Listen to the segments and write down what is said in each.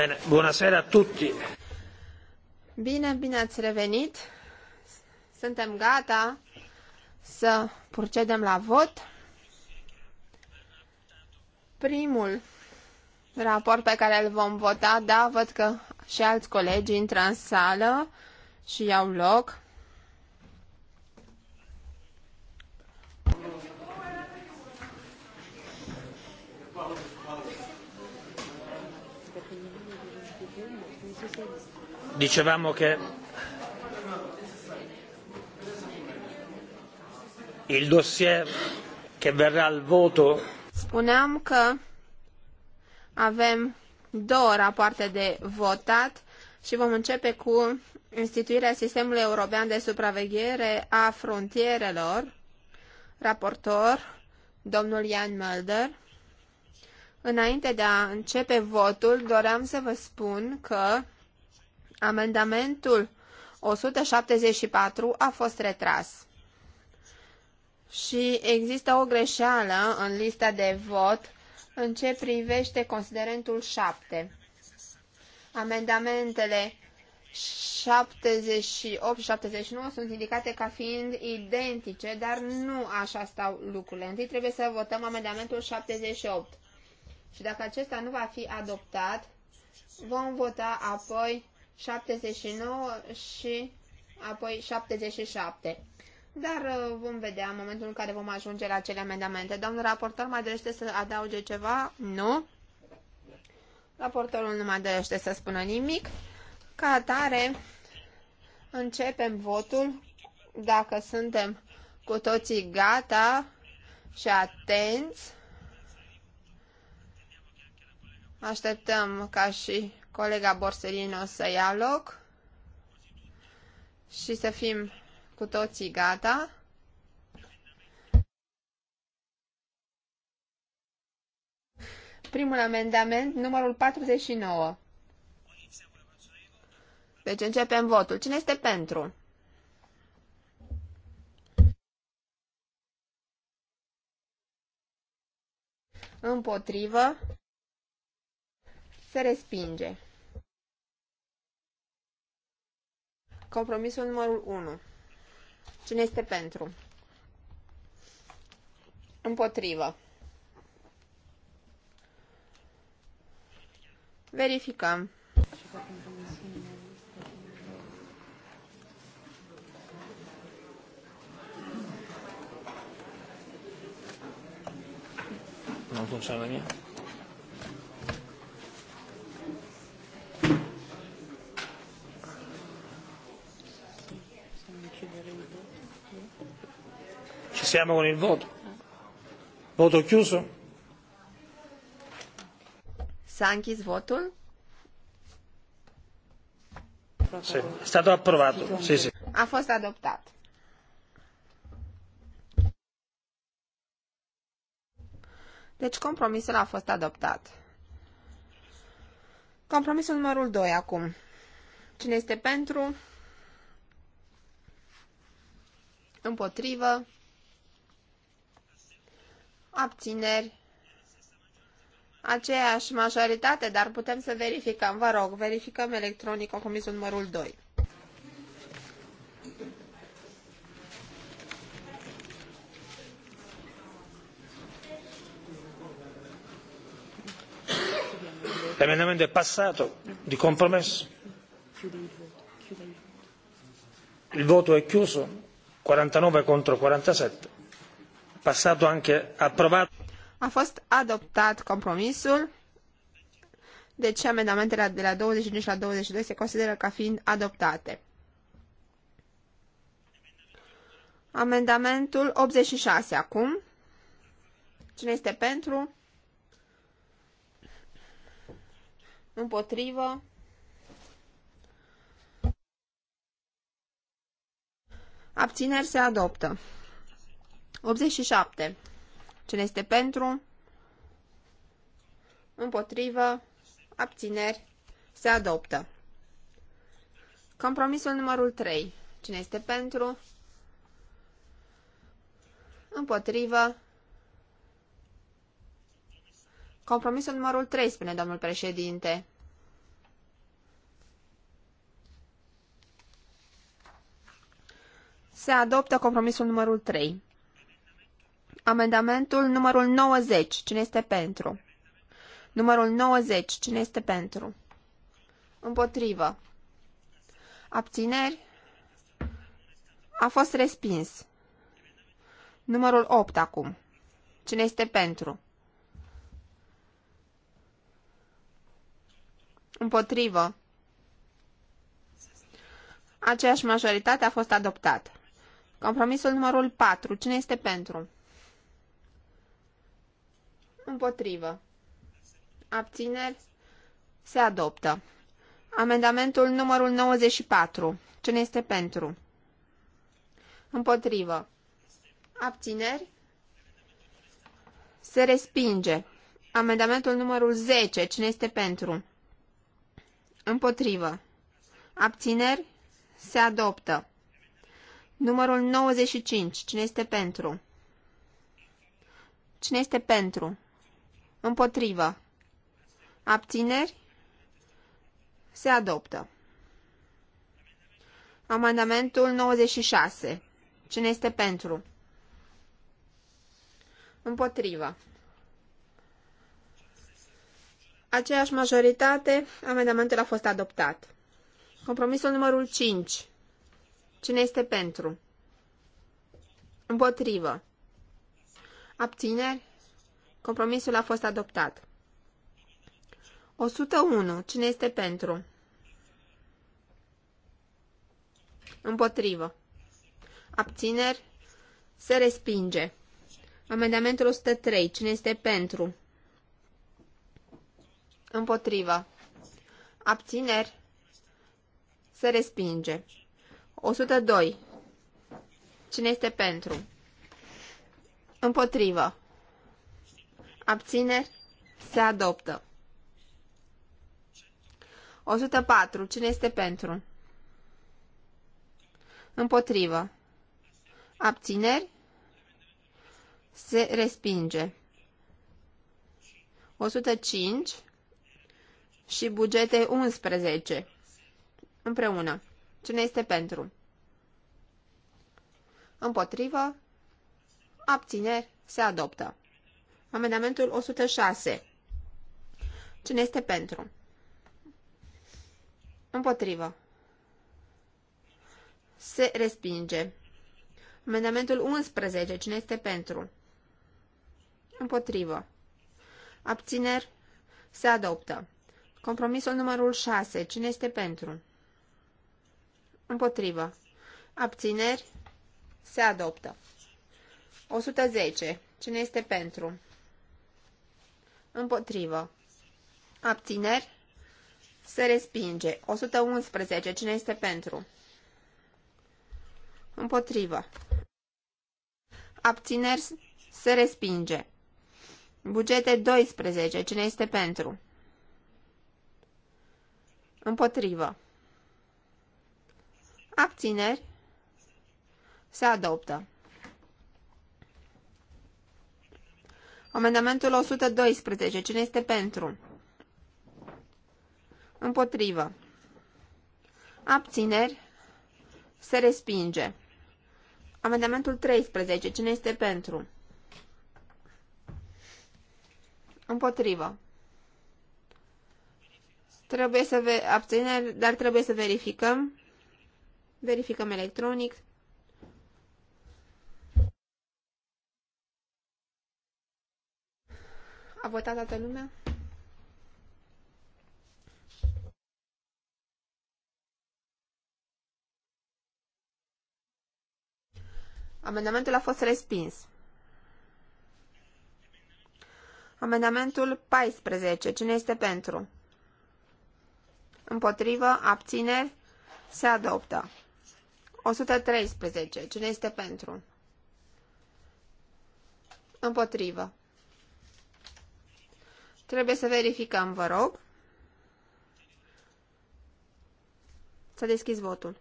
Bine, bună seara tutti. Bine, bine ați revenit. Suntem gata să procedem la vot. Primul raport pe care îl vom vota, da, văd că și alți colegi intră în sală și iau loc. dicevamo che il dossier che verrà al voto Spuneam că avem două rapoarte de votat și vom începe cu instituirea sistemului european de supraveghere a frontierelor. Raportor, domnul Ian Mulder. Înainte de a începe votul, doream să vă spun că Amendamentul 174 a fost retras. Și există o greșeală în lista de vot în ce privește considerentul 7. Amendamentele 78 și 79 sunt indicate ca fiind identice, dar nu așa stau lucrurile. Întâi trebuie să votăm amendamentul 78. Și dacă acesta nu va fi adoptat, vom vota apoi 79 și apoi 77. Dar uh, vom vedea în momentul în care vom ajunge la cele amendamente. Domnul raportor mai dorește să adauge ceva? Nu. Raportorul nu mai dorește să spună nimic. Ca atare, începem votul. Dacă suntem cu toții gata și atenți, așteptăm ca și colega Borsellino să ia loc și să fim cu toții gata. Primul amendament, numărul 49. Deci începem votul. Cine este pentru? Împotrivă. Se respinge. Compromisul numărul 1. Cine este pentru? Împotrivă. Verificăm. Nu funcționează la mine? Siamo con il voto. Voto chiuso. S-a Sì, è stato approvato. Sì, sì. A fost adoptat. Deci compromisul a fost adoptat. Compromisul numărul 2 acum. Cine este pentru? Împotrivă? abțineri, aceeași majoritate, dar putem să verificăm, vă rog, verificăm electronic compromisul numărul 2. L'emendamento è passato di compromesso. Il voto è chiuso, 49 contro 47 a fost adoptat compromisul. Deci amendamentele de la 25 la 22 se consideră ca fiind adoptate. Amendamentul 86 acum. Cine este pentru? Împotrivă? Abțineri se adoptă. 87. Cine este pentru? Împotrivă. Abțineri. Se adoptă. Compromisul numărul 3. Cine este pentru? Împotrivă. Compromisul numărul 3, spune domnul președinte. Se adoptă compromisul numărul 3. Amendamentul numărul 90. Cine este pentru? Numărul 90. Cine este pentru? Împotrivă. Abțineri? A fost respins. Numărul 8 acum. Cine este pentru? Împotrivă. Aceeași majoritate a fost adoptată. Compromisul numărul 4. Cine este pentru? Împotrivă. Abțineri. Se adoptă. Amendamentul numărul 94. Cine este pentru? Împotrivă. Abțineri. Se respinge. Amendamentul numărul 10. Cine este pentru? Împotrivă. Abțineri. Se adoptă. Numărul 95. Cine este pentru? Cine este pentru? Împotrivă. Abțineri? Se adoptă. Amendamentul 96. Cine este pentru? Împotrivă. Aceeași majoritate, amendamentul a fost adoptat. Compromisul numărul 5. Cine este pentru? Împotrivă. Abțineri? Compromisul a fost adoptat. 101. Cine este pentru? Împotrivă. Abțineri. Se respinge. Amendamentul 103. Cine este pentru? Împotrivă. Abțineri. Se respinge. 102. Cine este pentru? Împotrivă abțineri, se adoptă. 104. Cine este pentru? Împotrivă. Abțineri, se respinge. 105 și bugete 11 împreună. Cine este pentru? Împotrivă, abțineri, se adoptă. Amendamentul 106. Cine este pentru? Împotrivă. Se respinge. Amendamentul 11. Cine este pentru? Împotrivă. Abțineri. Se adoptă. Compromisul numărul 6. Cine este pentru? Împotrivă. Abțineri. Se adoptă. 110. Cine este pentru? Împotrivă. Abțineri. Se respinge. 111. Cine este pentru? Împotrivă. Abțineri. Se respinge. Bugete 12. Cine este pentru? Împotrivă. Abțineri. Se adoptă. Amendamentul 112. Cine este pentru? Împotrivă. Abțineri. Se respinge. Amendamentul 13. Cine este pentru? Împotrivă. Trebuie să abțineri, dar trebuie să verificăm. Verificăm electronic. A votat toată lumea? Amendamentul a fost respins. Amendamentul 14. Cine este pentru? Împotrivă, abțineri, se adoptă. 113. Cine este pentru? Împotrivă. Trebuie să verificăm, vă rog. S-a deschis votul.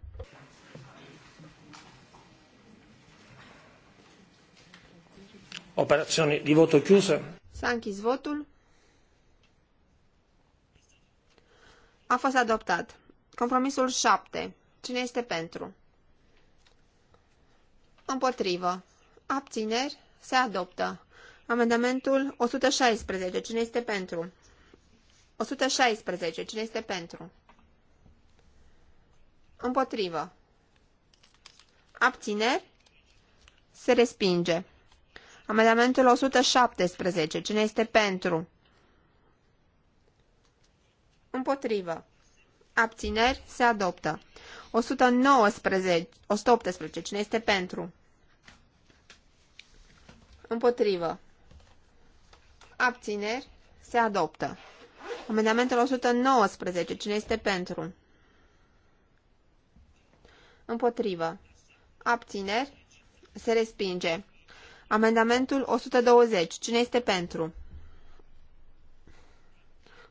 Operațiune de vot chiuso. S-a închis votul. A fost adoptat. Compromisul 7. Cine este pentru? Împotrivă. Abțineri. Se adoptă. Amendamentul 116. Cine este pentru? 116. Cine este pentru? Împotrivă. Abțineri? Se respinge. Amendamentul 117. Cine este pentru? Împotrivă. Abțineri? Se adoptă. 119. 118. Cine este pentru? Împotrivă. Abțineri. Se adoptă. Amendamentul 119. Cine este pentru? Împotrivă. Abțineri. Se respinge. Amendamentul 120. Cine este pentru?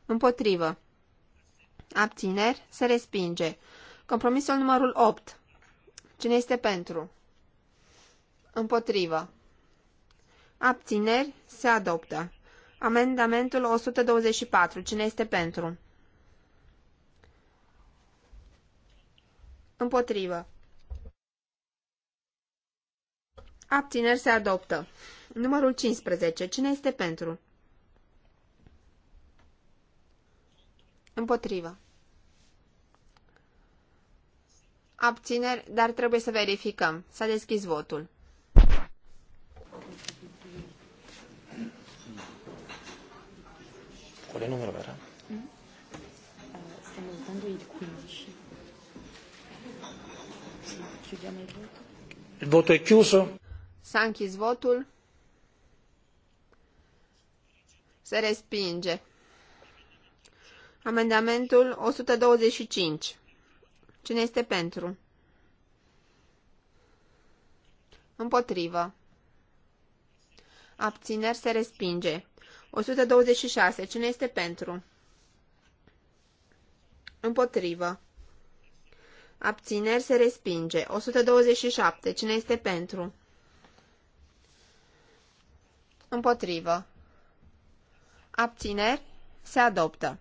Împotrivă. Abțineri. Se respinge. Compromisul numărul 8. Cine este pentru? Împotrivă. Abțineri. Se adoptă. Amendamentul 124. Cine este pentru? Împotrivă. Abțineri se adoptă. Numărul 15. Cine este pentru? Împotrivă. Abțineri, dar trebuie să verificăm. S-a deschis votul. quale numero era? Stiamo votando il 15. Chiudiamo il voto. Il voto è chiuso. s votul. Se respinge. Amendamentul 125. Cine este pentru? Împotrivă. Abțineri se respinge. 126. Cine este pentru? Împotrivă. Abțineri se respinge. 127. Cine este pentru? Împotrivă. Abțineri se adoptă.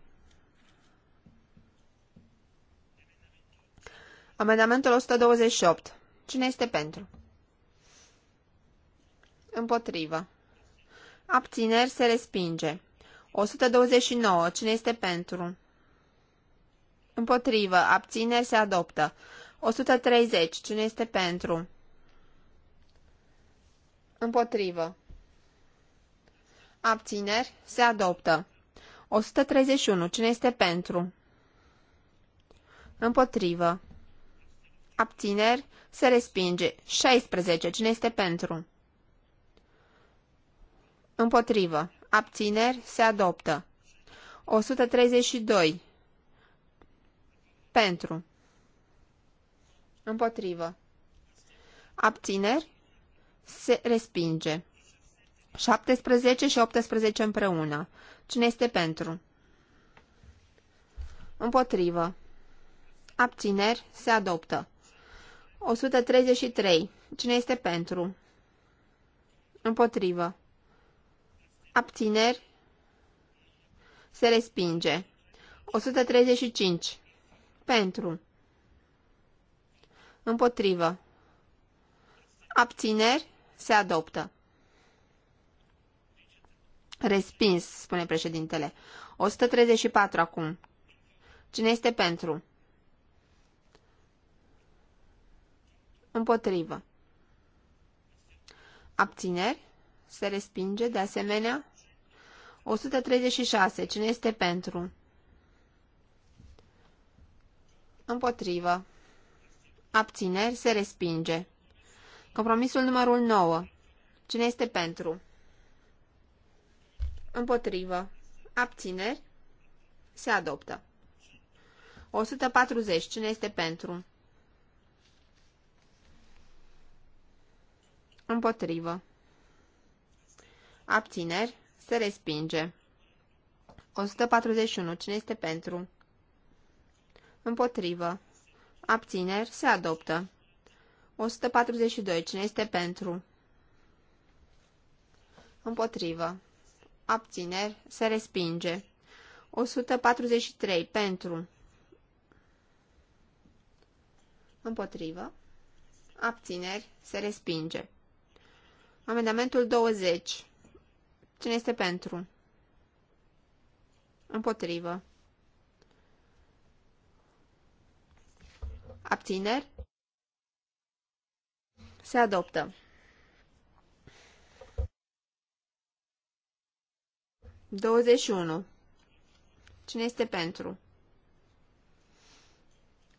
Amendamentul 128. Cine este pentru? Împotrivă. Abțineri se respinge. 129. Cine este pentru? Împotrivă. Abțineri se adoptă. 130. Cine este pentru? Împotrivă. Abțineri se adoptă. 131. Cine este pentru? Împotrivă. Abțineri se respinge. 16. Cine este pentru? Împotrivă. Abțineri. Se adoptă. 132. Pentru. Împotrivă. Abțineri. Se respinge. 17 și 18 împreună. Cine este pentru? Împotrivă. Abțineri. Se adoptă. 133. Cine este pentru? Împotrivă. Abțineri. Se respinge. 135. Pentru. Împotrivă. Abțineri. Se adoptă. Respins, spune președintele. 134 acum. Cine este pentru? Împotrivă. Abțineri se respinge, de asemenea. 136. Cine este pentru? Împotrivă. Abțineri se respinge. Compromisul numărul 9. Cine este pentru? Împotrivă. Abțineri se adoptă. 140. Cine este pentru? Împotrivă. Abțineri. Se respinge. 141. Cine este pentru? Împotrivă. Abțineri. Se adoptă. 142. Cine este pentru? Împotrivă. Abțineri. Se respinge. 143. Pentru. Împotrivă. Abțineri. Se respinge. Amendamentul 20. Cine este pentru? Împotrivă. Abțineri? Se adoptă. Douăzeci și unu. Cine este pentru?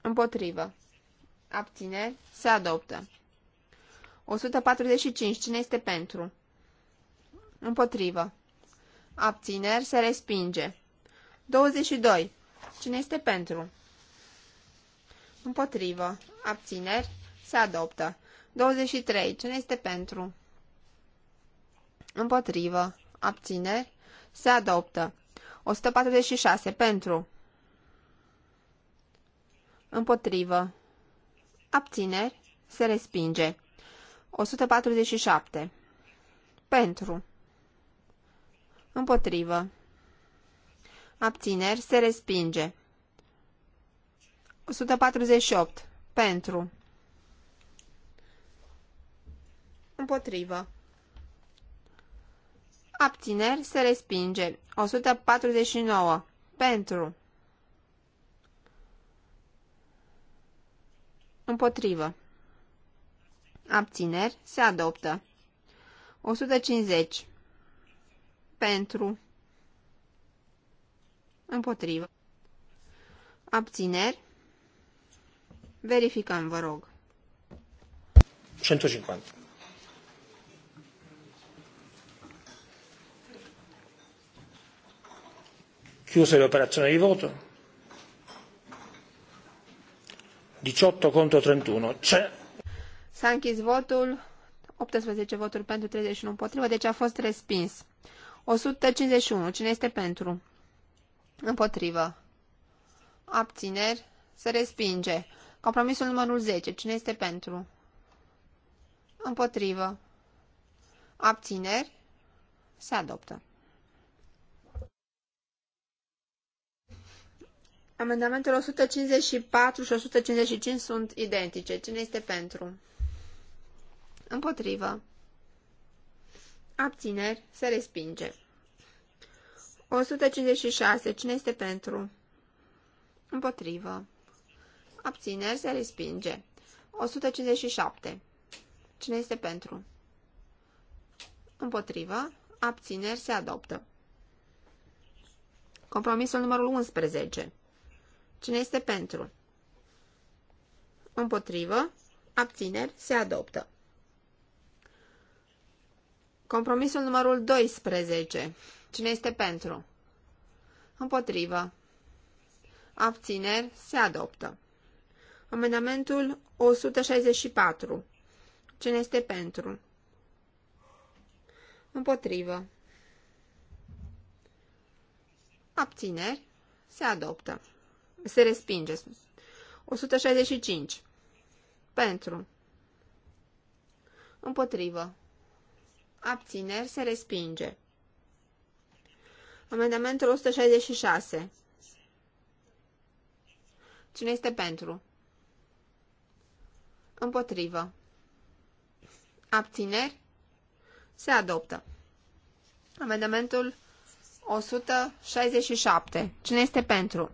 Împotrivă. Abține. Se adoptă. 145. Cine este pentru? Împotrivă. Abțineri se respinge. 22. Cine este pentru? Împotrivă. Abțineri se adoptă. 23. Cine este pentru? Împotrivă. Abțineri se adoptă. 146. Pentru. Împotrivă. Abțineri se respinge. 147. Pentru. Împotrivă. Abțineri. Se respinge. 148. Pentru. Împotrivă. Abțineri. Se respinge. 149. Pentru. Împotrivă. Abțineri. Se adoptă. 150 pentru, împotrivă, abțineri, verificăm, vă rog. 150. Chiuse l'operazione di voto. 18 contro 31. C'è. S-a închis votul. 18 voturi pentru 31 împotrivă, deci a fost respins. 151. Cine este pentru? Împotrivă. Abțineri. Se respinge. Compromisul numărul 10. Cine este pentru? Împotrivă. Abțineri. Se adoptă. Amendamentele 154 și 155 sunt identice. Cine este pentru? Împotrivă. Abțineri. Se respinge. 156. Cine este pentru? Împotrivă. Abțineri. Se respinge. 157. Cine este pentru? Împotrivă. Abțineri. Se adoptă. Compromisul numărul 11. Cine este pentru? Împotrivă. Abțineri. Se adoptă. Compromisul numărul 12. Cine este pentru? Împotrivă. Abțineri se adoptă. Amendamentul 164. Cine este pentru? Împotrivă. Abțineri se adoptă. Se respinge. 165. Pentru. Împotrivă abțineri, se respinge. Amendamentul 166. Cine este pentru? Împotrivă. Abțineri? Se adoptă. Amendamentul 167. Cine este pentru?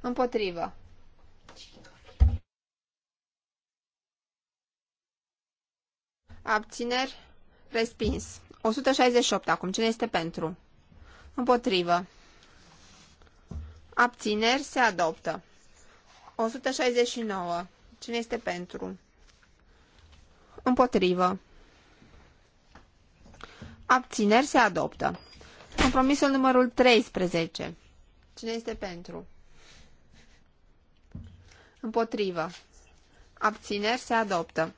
Împotrivă. Abțineri? Respins. 168 acum. Cine este pentru? Împotrivă. Abțineri se adoptă. 169. Cine este pentru? Împotrivă. Abțineri se adoptă. Compromisul numărul 13. Cine este pentru? Împotrivă. Abțineri se adoptă.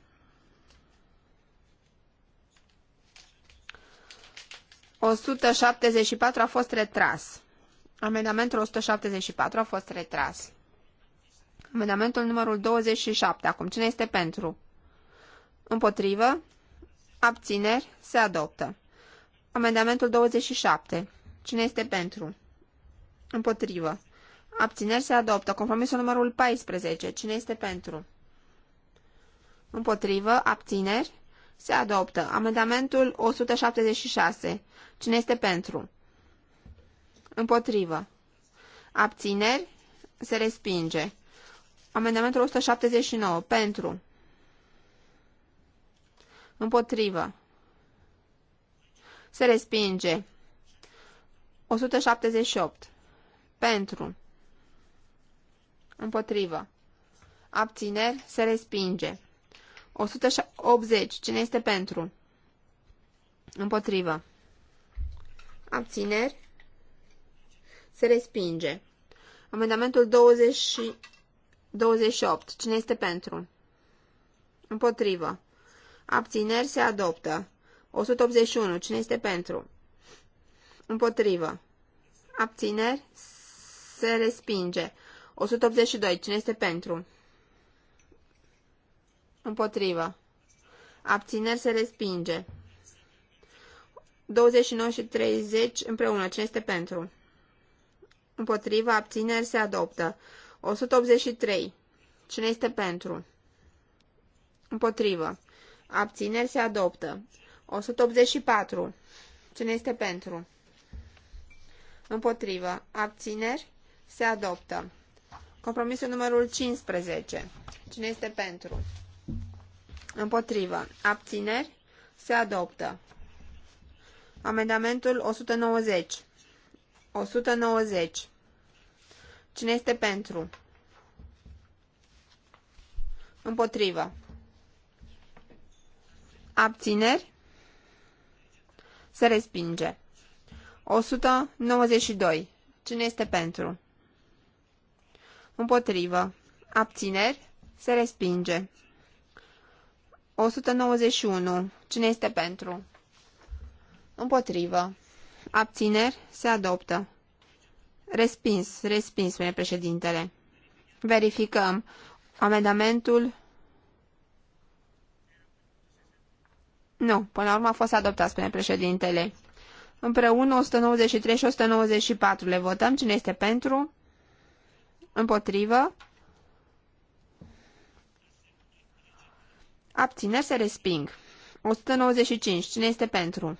174 a fost retras. Amendamentul 174 a fost retras. Amendamentul numărul 27. Acum, cine este pentru? Împotrivă? Abțineri? Se adoptă. Amendamentul 27. Cine este pentru? Împotrivă. Abțineri se adoptă. Compromisul numărul 14. Cine este pentru? Împotrivă. Abțineri. Se adoptă. Amendamentul 176. Cine este pentru? Împotrivă. Abțineri? Se respinge. Amendamentul 179. Pentru. Împotrivă. Se respinge. 178. Pentru. Împotrivă. Abțineri. Se respinge. 180. Cine este pentru? Împotrivă. Abțineri. Se respinge. Amendamentul 20 28. Cine este pentru? Împotrivă. Abțineri se adoptă. 181. Cine este pentru? Împotrivă. Abțineri se respinge. 182. Cine este pentru? Împotrivă. Abțineri se respinge. 29 și 30 împreună. Cine este pentru? Împotrivă. Abțineri se adoptă. 183. Cine este pentru? Împotrivă. Abțineri se adoptă. 184. Cine este pentru? Împotrivă. Abțineri se adoptă. Compromisul numărul 15. Cine este pentru? Împotrivă. Abțineri. Se adoptă. Amendamentul 190. 190. Cine este pentru? Împotrivă. Abțineri. Se respinge. 192. Cine este pentru? Împotrivă. Abțineri. Se respinge. 191. Cine este pentru? Împotrivă. Abțineri? Se adoptă. Respins, respins, spune președintele. Verificăm. Amendamentul... Nu, până la urmă a fost adoptat, spune președintele. Împreună 193 și 194 le votăm. Cine este pentru? Împotrivă? Abțineri se resping. 195. Cine este pentru?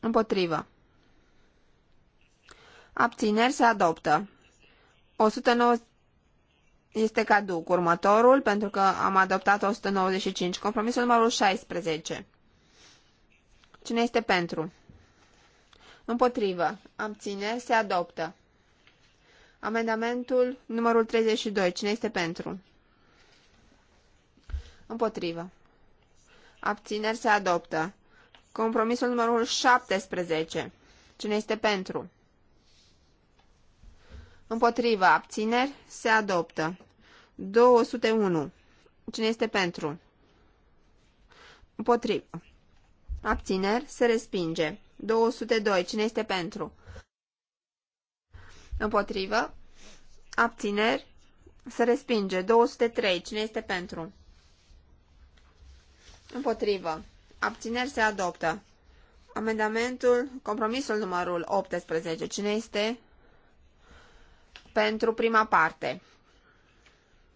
Împotrivă. Abțineri se adoptă. 190. este caduc. Următorul, pentru că am adoptat 195. Compromisul numărul 16. Cine este pentru? Împotrivă. Abțineri se adoptă. Amendamentul numărul 32. Cine este pentru? Împotrivă. Abțineri se adoptă. Compromisul numărul 17. Cine este pentru? Împotrivă. Abțineri se adoptă. 201. Cine este pentru? Împotrivă. Abțineri se respinge. 202. Cine este pentru? Împotrivă. Abțineri se respinge. 203. Cine este pentru? Împotrivă. Abțineri se adoptă. Amendamentul, compromisul numărul 18. Cine este? Pentru prima parte.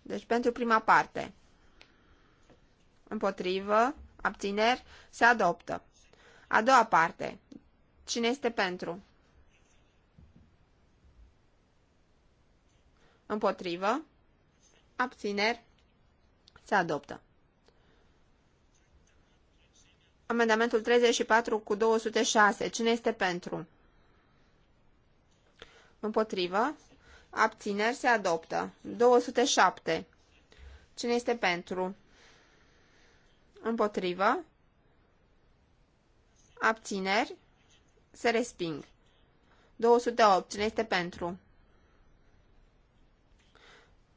Deci pentru prima parte. Împotrivă. Abțineri se adoptă. A doua parte. Cine este pentru? Împotrivă. Abțineri se adoptă amendamentul 34 cu 206. Cine este pentru? Împotrivă. Abțineri se adoptă. 207. Cine este pentru? Împotrivă. Abțineri se resping. 208. Cine este pentru?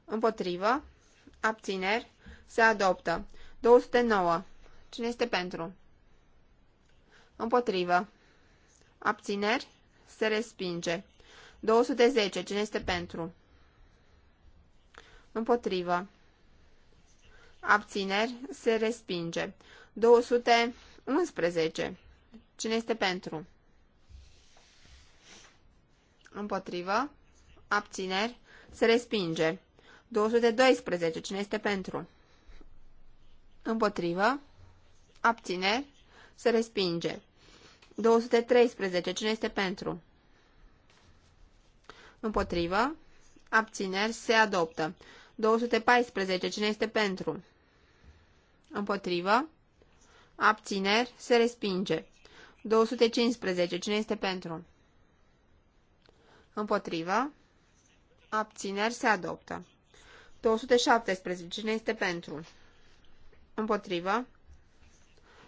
Împotrivă. Abțineri se adoptă. 209. Cine este pentru? Împotrivă. Abțineri. Se respinge. 210. Cine este pentru? Împotrivă. Abțineri. Se respinge. 211. Cine este pentru? Împotrivă. Abțineri. Se respinge. 212. Cine este pentru? Împotrivă. Abțineri. Se respinge. 213. Cine este pentru? Împotrivă. Abțineri. Se adoptă. 214. Cine este pentru? Împotrivă. Abțineri. Se respinge. 215. Cine este pentru? Împotrivă. Abțineri. Se adoptă. 217. Cine este pentru? Împotrivă.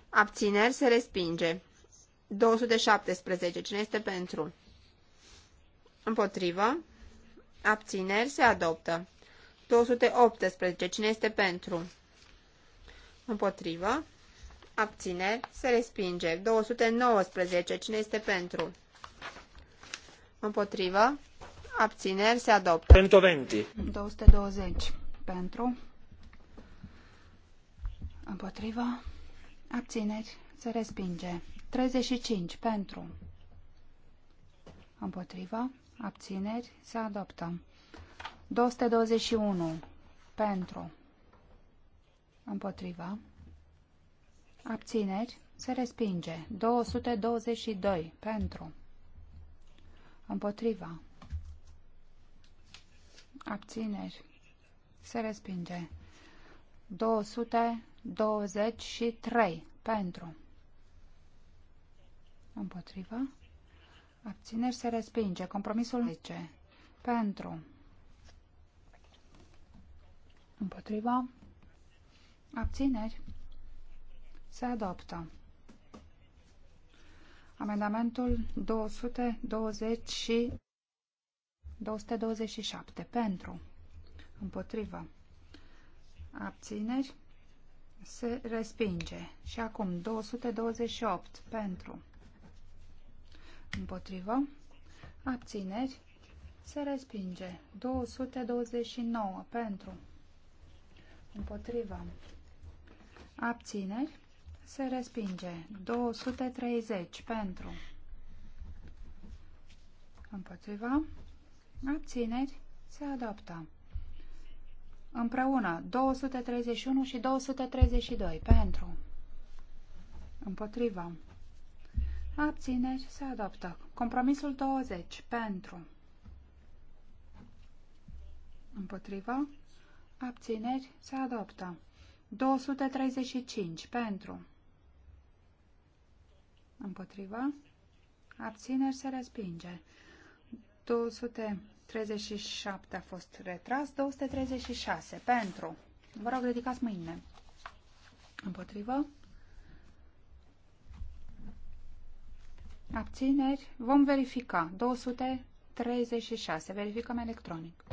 Abțineri. Se respinge. 217. Cine este pentru? Împotrivă. Abțineri se adoptă. 218. Cine este pentru? Împotrivă. Abțineri se respinge. 219. Cine este pentru? Împotrivă. Abțineri se adoptă. 120. 220. Pentru. Împotrivă. Abțineri se respinge. 35 pentru. Împotriva. Abțineri. Se adoptă. 221 pentru. Împotriva. Abțineri. Se respinge. 222 pentru. Împotriva. Abțineri. Se respinge. 223 pentru. Împotrivă. Abțineri se respinge. Compromisul 10. Pentru. Împotrivă. Abțineri. Se adoptă. Amendamentul 220 și 227. Pentru. Împotrivă. Abțineri. Se respinge. Și acum 228. Pentru. Împotrivă. Abțineri. Se respinge. 229 pentru. Împotrivă. Abțineri. Se respinge. 230 pentru. Împotriva. Abțineri. Se adoptă. Împreună. 231 și 232 pentru. Împotriva. Abțineri se adoptă. Compromisul 20. Pentru. Împotriva. Abțineri se adoptă. 235. Pentru. Împotriva. Abțineri se respinge. 237 a fost retras. 236. Pentru. Vă rog, ridicați mâine. Împotrivă. Abțineri. Vom verifica. 236. Verificăm electronic.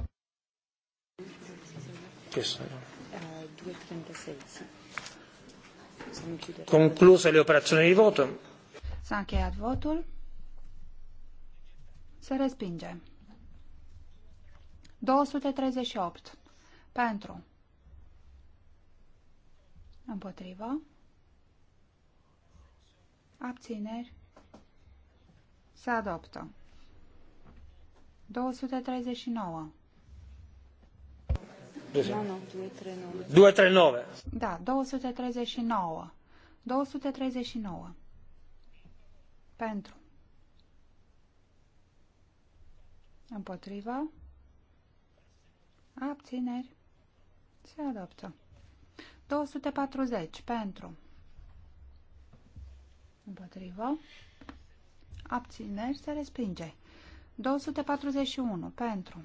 Che Concluse le operațiuni de vot. S-a încheiat votul. Se respinge. 238. Pentru. Împotriva. Abțineri. Se adoptă. 239. 239. Da, 239. 239. Pentru. împotriva Abțineri. Se adoptă. 240. Pentru. împotriva abțineri, se respinge. 241 pentru,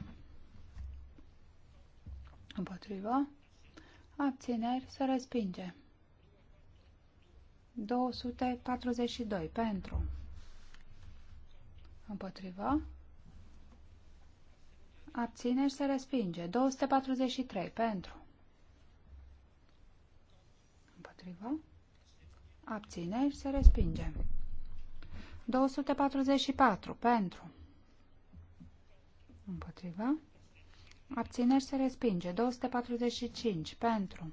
împotrivă, abțineri, se respinge. 242 pentru, împotrivă, abțineri, se respinge. 243 pentru, împotrivă, abțineri, se respinge. 244 pentru. Împotriva. Abțineri se respinge. 245 pentru.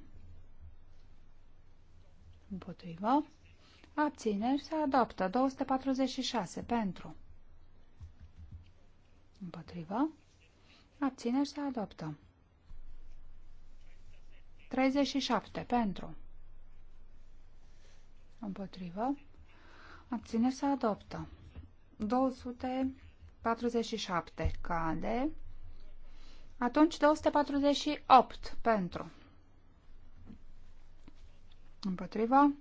Împotriva. Abțineri se adoptă. 246 pentru. Împotriva. Abțineri se adoptă. 37 pentru. Împotriva. Abțineri se adoptă. 247 cade. Atunci 248 pentru. Împotriva.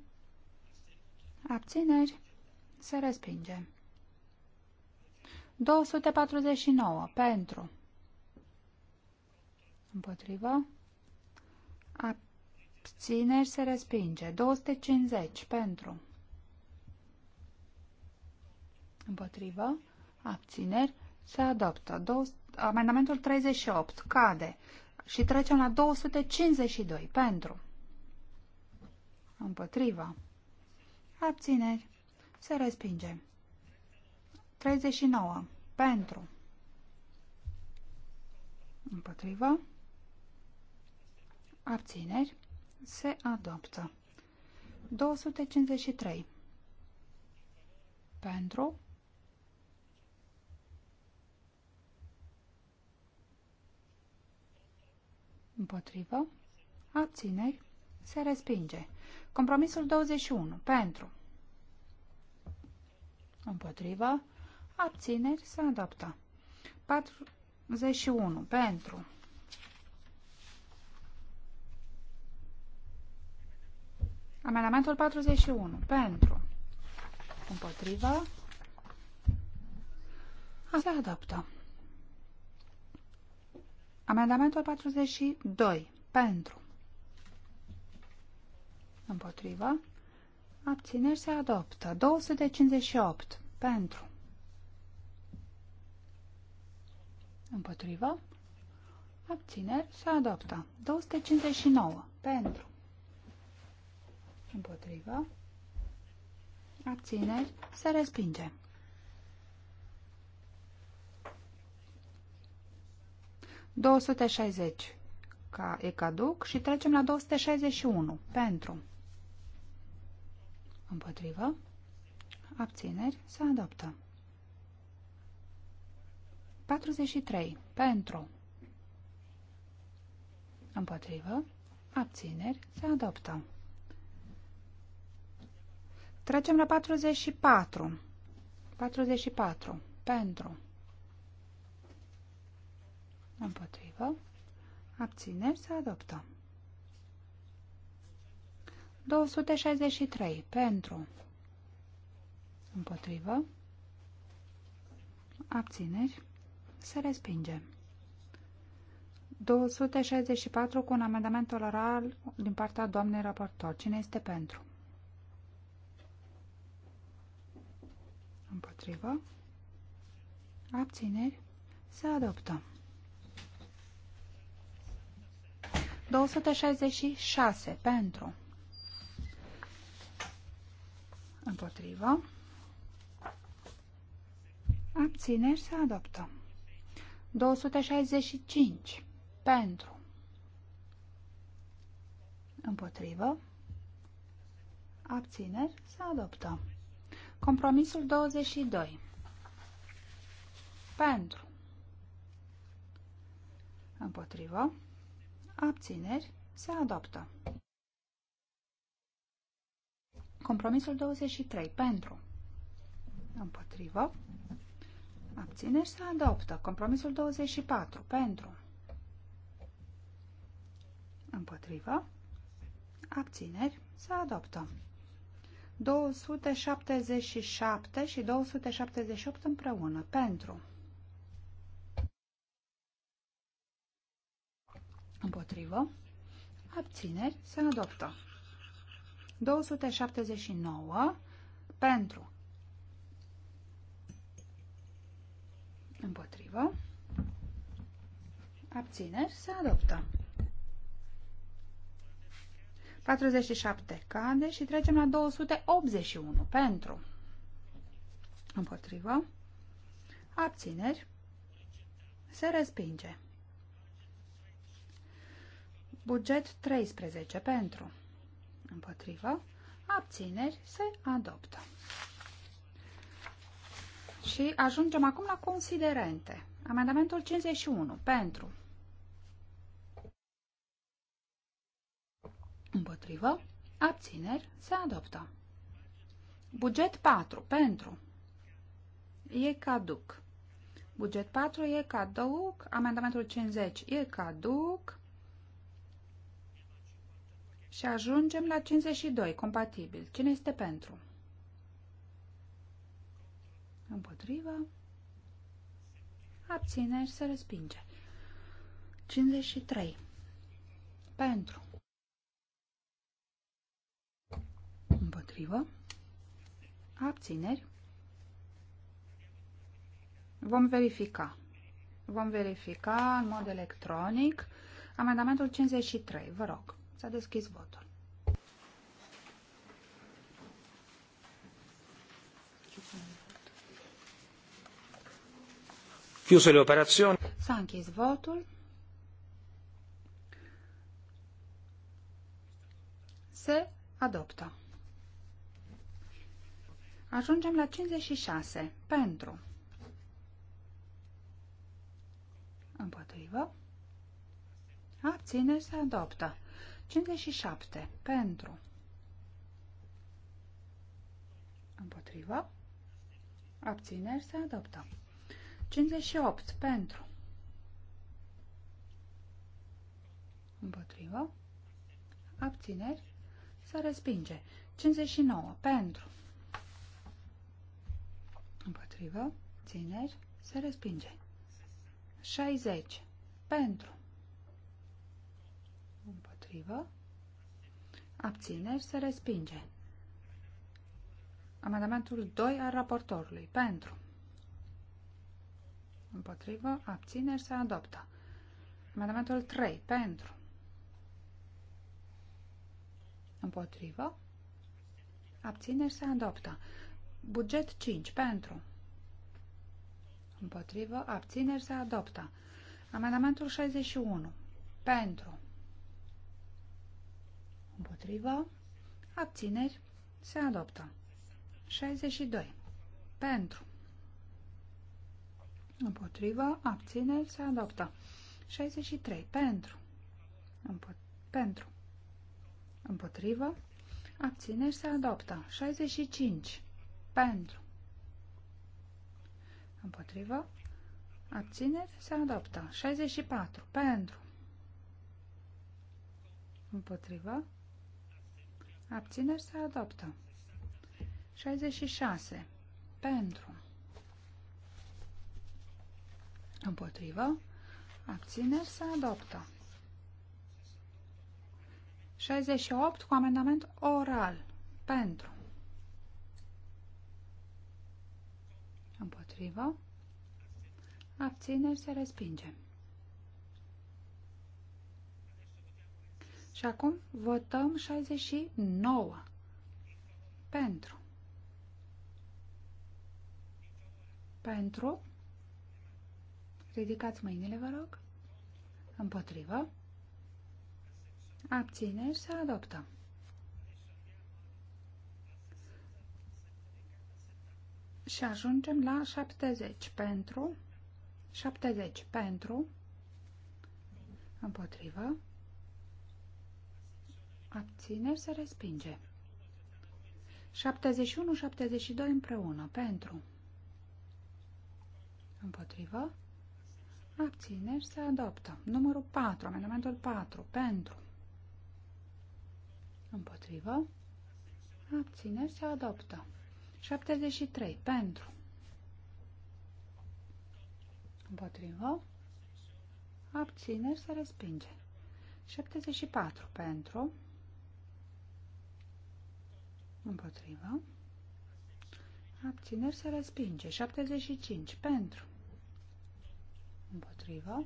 Abțineri. Se respinge. 249 pentru. Împotriva. Abțineri se respinge. 250 pentru. Împotrivă. Abțineri. Se adoptă. Dou amendamentul 38 cade. Și trecem la 252. Pentru. Împotrivă. Abțineri. Se respinge. 39. Pentru. Împotrivă. Abțineri. Se adoptă. 253. Pentru. Împotrivă. Abțineri. Se respinge. Compromisul 21. Pentru. Împotrivă. Abțineri. Se adoptă. 41. Pentru. Amendamentul 41. Pentru. Împotrivă. Se adoptă. Amendamentul 42. Pentru. Împotrivă. Abțineri se adoptă. 258. Pentru. Împotrivă. Abțineri se adoptă. 259. Pentru. Împotrivă. Abțineri se respinge. 260 ca e caduc și trecem la 261 pentru împotrivă abțineri se adoptă 43 pentru împotrivă abțineri se adoptă trecem la 44 44 pentru Împotrivă. Abțineri să adoptăm. 263. Pentru. Împotrivă. Abțineri. să respinge. 264 cu un amendament oral din partea doamnei raportor. Cine este pentru? Împotrivă. Abțineri. să adoptăm. 266 pentru. Împotrivă. Abțineri se adoptă. 265 pentru. Împotrivă. Abțineri se adoptă. Compromisul 22. Pentru. Împotrivă abțineri, se adoptă. Compromisul 23. Pentru. Împotrivă. Abțineri se adoptă. Compromisul 24. Pentru. Împotrivă. Abțineri se adoptă. 277 și 278 împreună. Pentru. Împotrivă. Abțineri. Se adoptă. 279 pentru. Împotrivă. Abțineri. Se adoptă. 47 cade și trecem la 281 pentru. Împotrivă. Abțineri. Se respinge. Buget 13 pentru. Împotrivă. Abțineri se adoptă. Și ajungem acum la considerente. Amendamentul 51 pentru. Împotrivă. Abțineri se adoptă. Buget 4 pentru. E caduc. Buget 4 e caduc. Amendamentul 50 e caduc. Și ajungem la 52, compatibil. Cine este pentru? Împotrivă. Abțineri se respinge. 53. Pentru. Împotrivă. Abțineri. Vom verifica. Vom verifica în mod electronic amendamentul 53. Vă rog. S-a deschis votul. Chiuse le operazioni. S-a închis votul. Se adoptă. Ajungem la 56. Pentru. Împotrivă. Abține, se adoptă. 57. Pentru. Împotrivă. Abțineri se adoptă. 58. Pentru. Împotrivă. Abțineri se respinge. 59. Pentru. Împotrivă. Țineri se respinge. 60. Pentru. Împotrivă. Abțineri se respinge. Amendamentul 2 al raportorului. Pentru. Împotrivă. Abțineri se adoptă. Amendamentul 3. Pentru. Împotrivă. Abțineri se adoptă. Buget 5. Pentru. Împotrivă. Abțineri se adoptă. Amendamentul 61. Pentru. Împotriva. Abțineri. Se adoptă. 62. Pentru. Împotriva. Abțineri. Se adoptă. 63. Pentru. Împo pentru. Împotriva. Abțineri. Se adoptă. 65. Pentru. Împotriva. Abțineri. Se adoptă. 64. Pentru. Împotriva. Abțineri se adoptă. 66. Pentru. Împotrivă. Abțineri se adoptă. 68 cu amendament oral. Pentru. Împotrivă. Abțineri se respinge. Și acum votăm 69 pentru. Pentru. Ridicați mâinile, vă rog. Împotrivă. Abțineri se adoptă. Și ajungem la 70 pentru. 70 pentru. Împotrivă. Abțineri se respinge. 71-72 împreună. Pentru. Împotrivă. Abțineri se adoptă. Numărul 4. Amendamentul 4. Pentru. Împotrivă. Abțineri se adoptă. 73. Pentru. Împotrivă. Abțineri se respinge. 74. Pentru. Împotrivă. Abțineri se respinge. 75. Pentru. Împotrivă.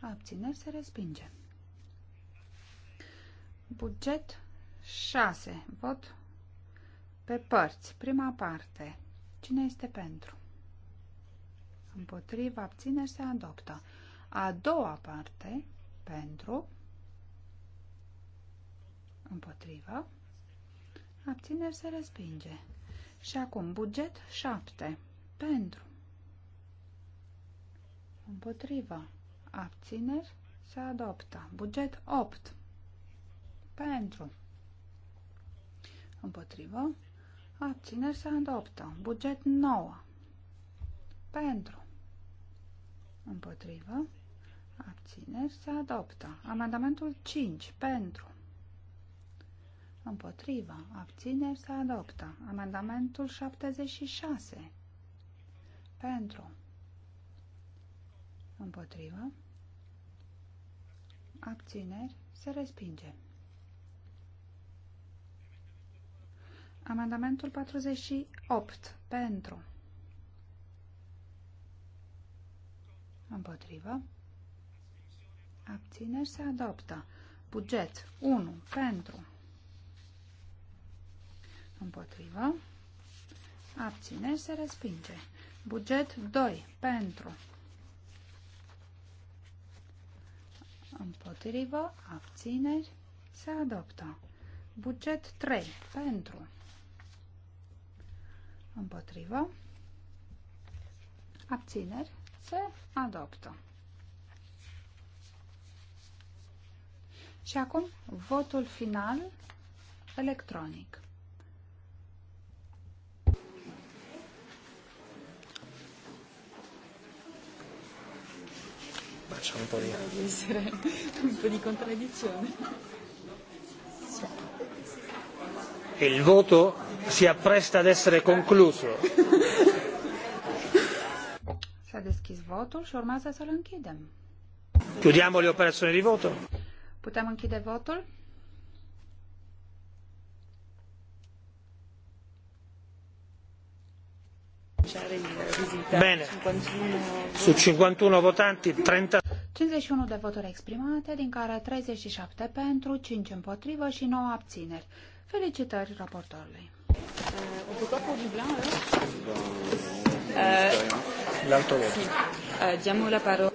Abțineri se respinge. Buget 6. Vot pe părți. Prima parte. Cine este pentru? Împotrivă. Abțineri se adoptă. A doua parte. Pentru. Împotrivă. Abțineri se respinge. Și acum buget 7. Pentru. Împotriva. Abțineri se adoptă. Buget 8. Pentru. Împotriva. Abțineri se adoptă. Buget 9. Pentru. Împotriva. Abțineri se adoptă. Amendamentul 5. Pentru. Împotriva. Abțineri se adoptă. Amendamentul 76. Pentru. Împotriva. Abțineri se respinge. Amendamentul 48. Pentru. Împotriva. Abțineri se adoptă. Buget 1. Pentru. Împotrivă. Abține, se respinge. Buget 2. Pentru. Împotrivă. Abțineri se adoptă. Buget 3. Pentru. Împotrivă. Abțineri se adoptă. Și acum votul final electronic. Facciamo un po' di... essere un po' di contraddizione. Il voto si appresta ad essere concluso. S-a deschis votul și urmează să-l închidem. Chiudiamo le operazioni di voto. Putem închide votul? Bene, su 51 votanti 30... 51 de voturi exprimate, din care 37 pentru, 5 împotrivă și 9 abțineri. Felicitări raportorului. Uh, uh, uh, Uh, uh, uh, uh, uh,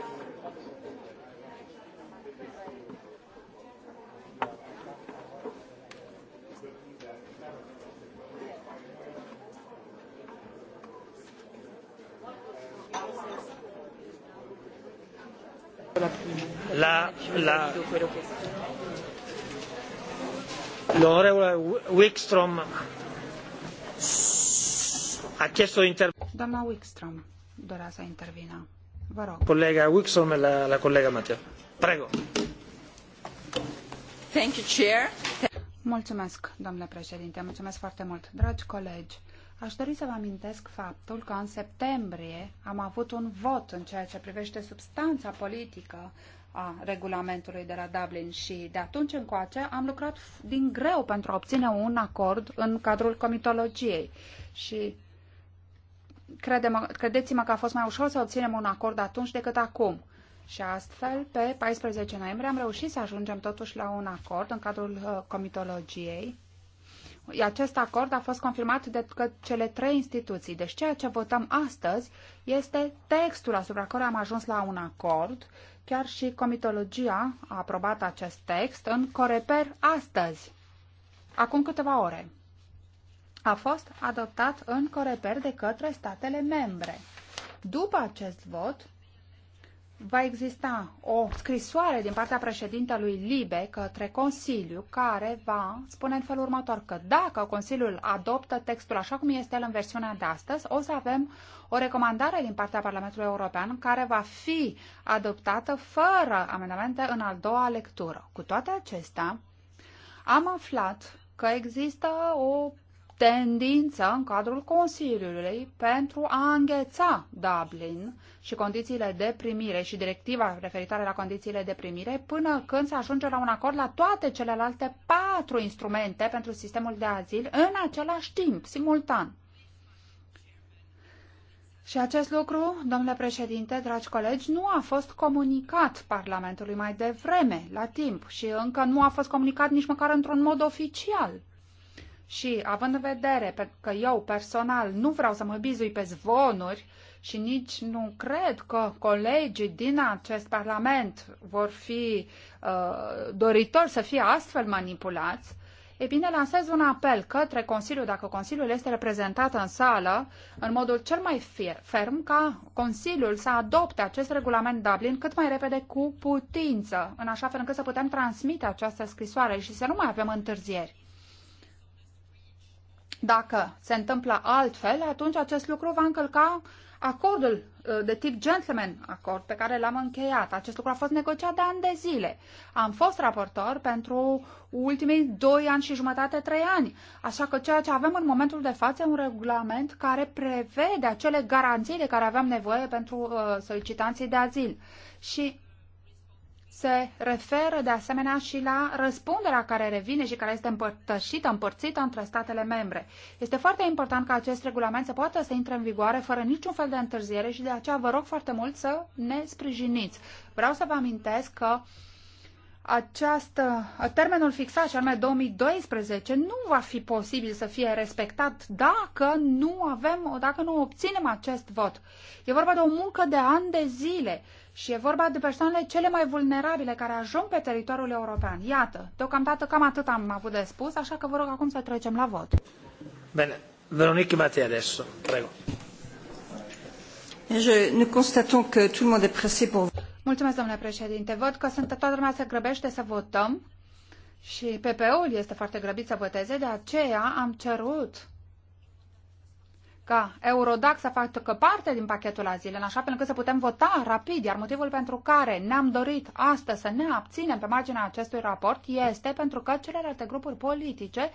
la, la L'onorevole Wickstrom ha chiesto di intervenire. Doamna Wickstrom dorea să intervină. Vă rog. Colega Wickstrom e la, la colega Mateo. Prego. Thank you, Chair. Mulțumesc, domnule președinte. Mulțumesc foarte mult. Dragi colegi, Aș dori să vă amintesc faptul că în septembrie am avut un vot în ceea ce privește substanța politică a regulamentului de la Dublin și de atunci încoace am lucrat din greu pentru a obține un acord în cadrul comitologiei și credeți-mă că a fost mai ușor să obținem un acord atunci decât acum. Și astfel, pe 14 noiembrie am reușit să ajungem totuși la un acord în cadrul uh, comitologiei acest acord a fost confirmat de cele trei instituții. Deci ceea ce votăm astăzi este textul asupra care am ajuns la un acord. Chiar și comitologia a aprobat acest text în Coreper astăzi, acum câteva ore. A fost adoptat în Coreper de către statele membre. După acest vot, va exista o scrisoare din partea președintelui Libe către Consiliu care va spune în felul următor că dacă Consiliul adoptă textul așa cum este el în versiunea de astăzi, o să avem o recomandare din partea Parlamentului European care va fi adoptată fără amendamente în al doua lectură. Cu toate acestea, am aflat că există o tendință în cadrul Consiliului pentru a îngheța Dublin și condițiile de primire și directiva referitoare la condițiile de primire până când se ajunge la un acord la toate celelalte patru instrumente pentru sistemul de azil în același timp, simultan. Și acest lucru, domnule președinte, dragi colegi, nu a fost comunicat Parlamentului mai devreme, la timp, și încă nu a fost comunicat nici măcar într-un mod oficial. Și având în vedere că eu personal nu vreau să mă bizui pe zvonuri și nici nu cred că colegii din acest Parlament vor fi uh, doritori să fie astfel manipulați, e bine, lansez un apel către Consiliu, dacă Consiliul este reprezentat în sală, în modul cel mai ferm ca Consiliul să adopte acest regulament Dublin cât mai repede cu putință, în așa fel încât să putem transmite această scrisoare și să nu mai avem întârzieri. Dacă se întâmplă altfel, atunci acest lucru va încălca acordul uh, de tip gentleman acord pe care l-am încheiat. Acest lucru a fost negociat de ani de zile. Am fost raportor pentru ultimii 2 ani și jumătate, 3 ani. Așa că ceea ce avem în momentul de față e un regulament care prevede acele garanții de care aveam nevoie pentru uh, solicitanții de azil. Și se referă de asemenea și la răspunderea care revine și care este împărtășită, împărțită între statele membre. Este foarte important ca acest regulament să poată să intre în vigoare fără niciun fel de întârziere și de aceea vă rog foarte mult să ne sprijiniți. Vreau să vă amintesc că uh, această, termenul fixat, și anume 2012, nu va fi posibil să fie respectat dacă nu avem, dacă nu obținem acest vot. E vorba de o muncă de ani de zile și e vorba de persoanele cele mai vulnerabile care ajung pe teritoriul european. Iată, deocamdată cam atât am avut de spus, așa că vă rog acum să trecem la vot. Bine, Veronique Matei, adesso, prego. Je, nous constatons que tout le monde est pressé pour... Mulțumesc, domnule președinte. Văd că sunt, toată lumea se grăbește să votăm și PPO-ul este foarte grăbit să voteze, de aceea am cerut ca Eurodac să facă parte din pachetul azil, în așa fel încât să putem vota rapid, iar motivul pentru care ne-am dorit astăzi să ne abținem pe marginea acestui raport este pentru că celelalte grupuri politice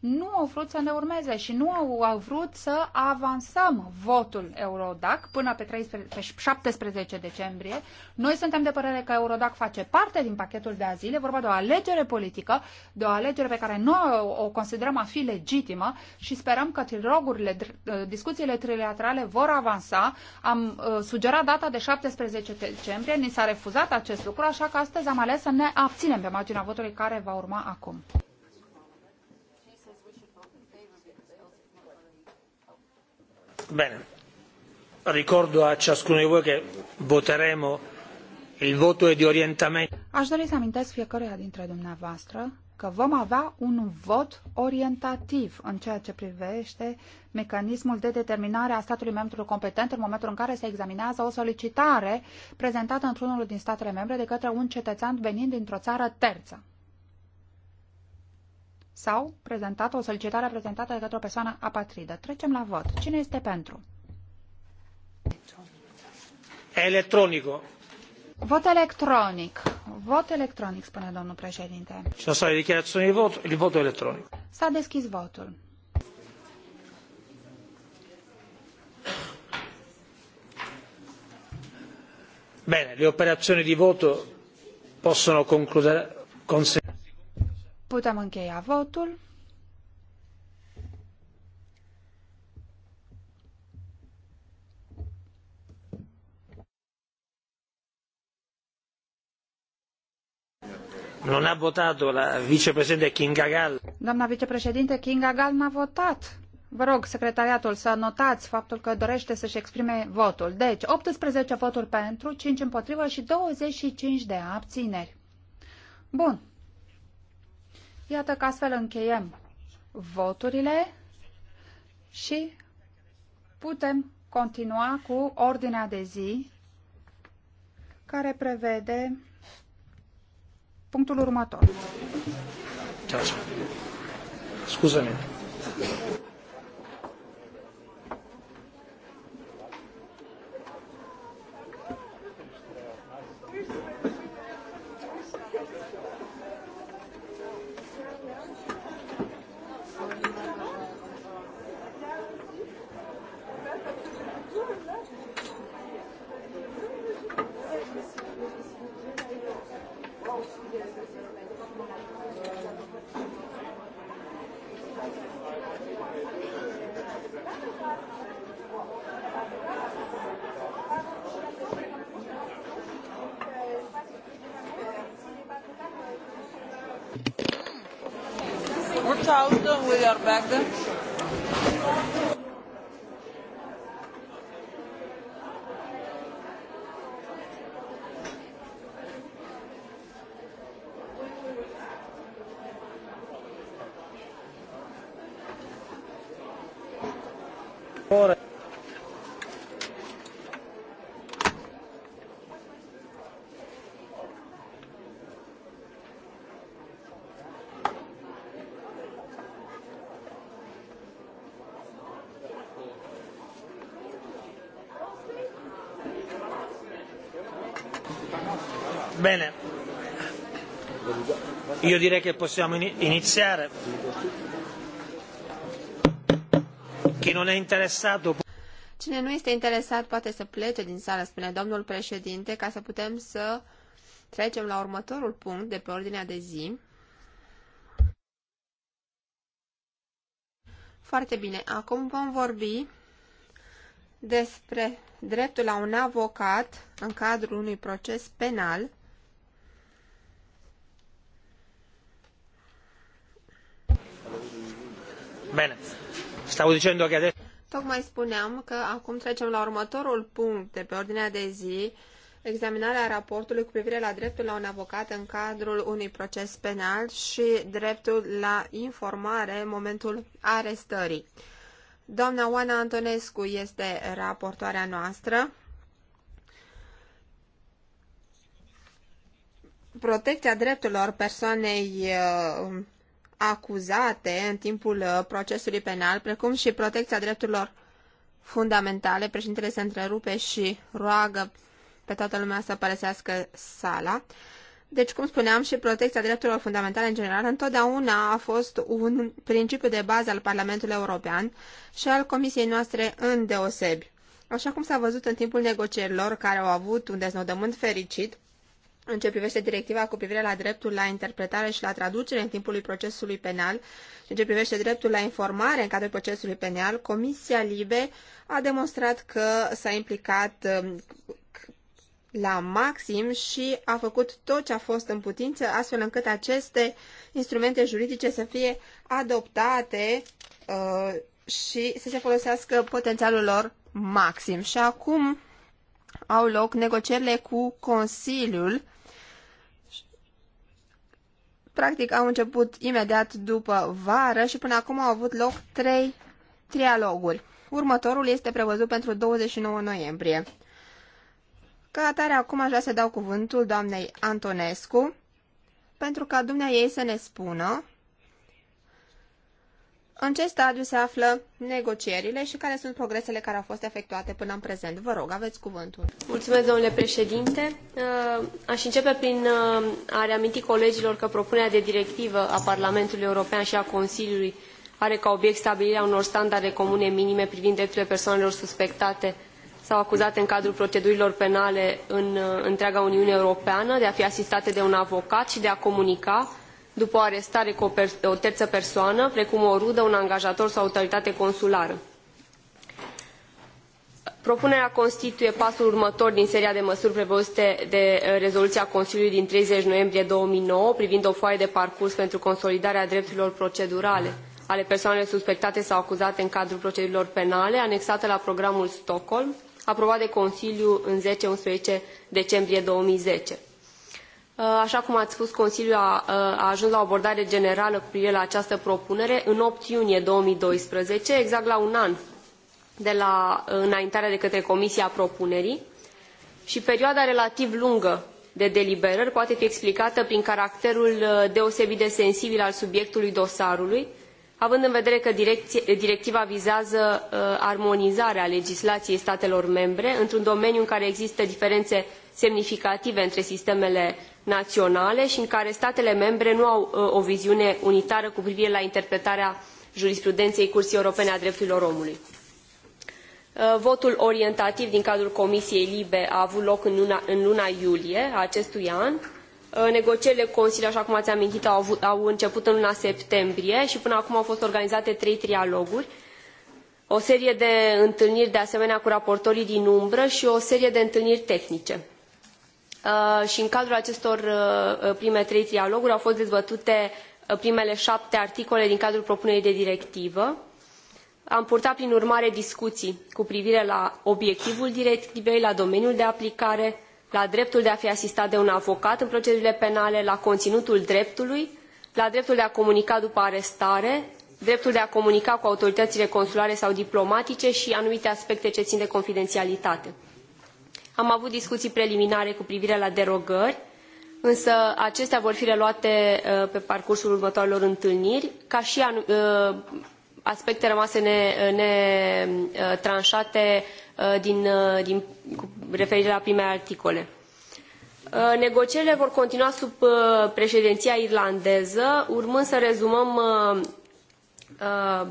nu au vrut să ne urmeze și nu au, au vrut să avansăm votul Eurodac până pe, 13, pe 17 decembrie. Noi suntem de părere că Eurodac face parte din pachetul de azil, e vorba de o alegere politică, de o alegere pe care noi o considerăm a fi legitimă și sperăm că trilogurile, ă, discuțiile trilaterale vor avansa. Am uh, sugerat data de 17 decembrie, ni s-a refuzat acest lucru, așa că astăzi am ales să ne abținem pe marginea votului care va urma acum. Bene, ricordo a ciascuno di voi che voteremo il voto di orientamento. Aș dori să amintesc fiecăruia dintre dumneavoastră că vom avea un vot orientativ în ceea ce privește mecanismul de determinare a statului membru competent în momentul în care se examinează o solicitare prezentată într-unul din statele membre de către un cetățean venind dintr-o țară terță sau prezentată, o solicitare prezentată de către o persoană apatridă. Trecem la vot. Cine este pentru? Electronico. Vot electronic. Vot electronic, spune domnul președinte. Și asta e dichiarazioni de vot? De vot electronic. S-a deschis votul. Bene, le operazioni di voto possono concludere. Consent- Putem încheia votul. Nu a votat la vicepreședinte Kinga Gal. Doamna vicepreședinte Kinga Gal n-a votat. Vă rog, secretariatul, să notați faptul că dorește să-și exprime votul. Deci, 18 voturi pentru, 5 împotrivă și 25 de abțineri. Bun. Iată că astfel încheiem voturile și putem continua cu ordinea de zi care prevede punctul următor. Scuză-mi. Bene, io direi che possiamo iniziare. Chi non è interessato... Cine nu este interesat poate să plece din sală, spune domnul președinte, ca să putem să trecem la următorul punct de pe ordinea de zi. Foarte bine, acum vom vorbi despre dreptul la un avocat în cadrul unui proces penal Bine. Stau dicendo Tocmai spuneam că acum trecem la următorul punct de pe ordinea de zi, examinarea raportului cu privire la dreptul la un avocat în cadrul unui proces penal și dreptul la informare în momentul arestării. Doamna Oana Antonescu este raportoarea noastră. Protecția drepturilor persoanei uh, acuzate în timpul uh, procesului penal, precum și protecția drepturilor fundamentale. Președintele se întrerupe și roagă pe toată lumea să părăsească sala. Deci, cum spuneam, și protecția drepturilor fundamentale în general întotdeauna a fost un principiu de bază al Parlamentului European și al Comisiei noastre în deosebi Așa cum s-a văzut în timpul negocierilor care au avut un deznodământ fericit, în ce privește directiva cu privire la dreptul la interpretare și la traducere în timpul procesului penal și în ce privește dreptul la informare în cadrul procesului penal, Comisia Libe a demonstrat că s-a implicat um, la maxim și a făcut tot ce a fost în putință, astfel încât aceste instrumente juridice să fie adoptate uh, și să se folosească potențialul lor maxim. Și acum au loc negocierile cu Consiliul practic au început imediat după vară și până acum au avut loc trei trialoguri. Următorul este prevăzut pentru 29 noiembrie. Ca atare, acum aș vrea să dau cuvântul doamnei Antonescu, pentru ca dumnea ei să ne spună în ce stadiu se află negocierile și care sunt progresele care au fost efectuate până în prezent? Vă rog, aveți cuvântul. Mulțumesc, domnule președinte. Uh, aș începe prin uh, a reaminti colegilor că propunerea de directivă a Parlamentului European și a Consiliului are ca obiect stabilirea unor standarde comune minime privind drepturile persoanelor suspectate sau acuzate în cadrul procedurilor penale în uh, întreaga Uniune Europeană, de a fi asistate de un avocat și de a comunica după o arestare cu o, o teră persoană, precum o rudă, un angajator sau o autoritate consulară. Propunerea constituie pasul următor din seria de măsuri prevăzute de eh, rezoluția Consiliului din 30 noiembrie 2009 privind o foaie de parcurs pentru consolidarea drepturilor procedurale ale persoanelor suspectate sau acuzate în cadrul procedurilor penale, anexată la programul Stockholm, aprobat de Consiliu în 10-11 decembrie 2010. Uh, așa cum ați spus, Consiliul a, uh, a ajuns la o abordare generală cu privire la această propunere în 8 iunie 2012, exact la un an de la uh, înaintarea de către Comisia a propunerii și perioada relativ lungă de deliberări poate fi explicată prin caracterul deosebit de sensibil al subiectului dosarului, având în vedere că directiva vizează armonizarea legislației statelor membre într-un domeniu în care există diferențe semnificative între sistemele naionale i în care statele membre nu au uh, o viziune unitară cu privire la interpretarea jurisprudenei curii Europene a Drepturilor Omului. Uh, votul orientativ din cadrul Comisiei Libe a avut loc în luna, în luna iulie a acestui an. Uh, negocierile cu Consiliul, așa cum ați amintit, au, avut, au început în luna septembrie și până acum au fost organizate trei trialoguri, o serie de întâlniri de asemenea cu raportorii din umbră și o serie de întâlniri tehnice. Uh, și în cadrul acestor uh, uh, prime trei trialoguri au fost dezbătute primele șapte articole din cadrul propunerii de directivă. Am purtat, prin urmare, discuții cu privire la obiectivul directivei, la domeniul de aplicare, la dreptul de a fi asistat de un avocat în procedurile penale, la conținutul dreptului, la dreptul de a comunica după arestare, dreptul de a comunica cu autoritățile consulare sau diplomatice și anumite aspecte ce țin de confidențialitate am avut discuții preliminare cu privire la derogări, însă acestea vor fi reluate uh, pe parcursul următoarelor întâlniri, ca și uh, aspecte rămase netranșate uh, din, din, cu referire la primele articole. Negocierile vor continua sub președinția irlandeză, urmând să rezumăm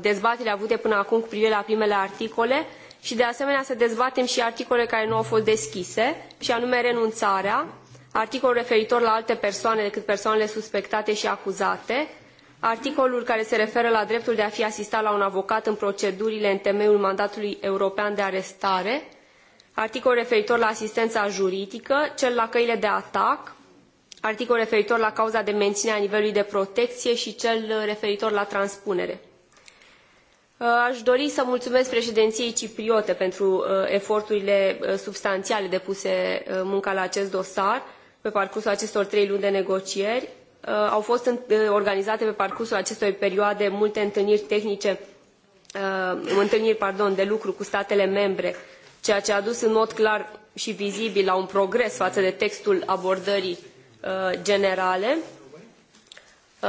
dezbaterile avute până acum cu privire la primele articole, și de asemenea să dezbatem și articolele care nu au fost deschise, și anume renunțarea, articolul referitor la alte persoane decât persoanele suspectate și acuzate, articolul care se referă la dreptul de a fi asistat la un avocat în procedurile în temeiul mandatului european de arestare, articolul referitor la asistența juridică, cel la căile de atac, articolul referitor la cauza de menținere a nivelului de protecție și cel referitor la transpunere. Uh, aș dori să mulțumesc președinției cipriote pentru uh, eforturile uh, substanțiale depuse munca la acest dosar pe parcursul acestor trei luni de negocieri. Au fost organizate pe parcursul acestor perioade multe întâlniri tehnice, întâlniri pardon, de lucru cu statele membre, ceea ce a dus în mod clar și vizibil la un progres față de textul abordării generale.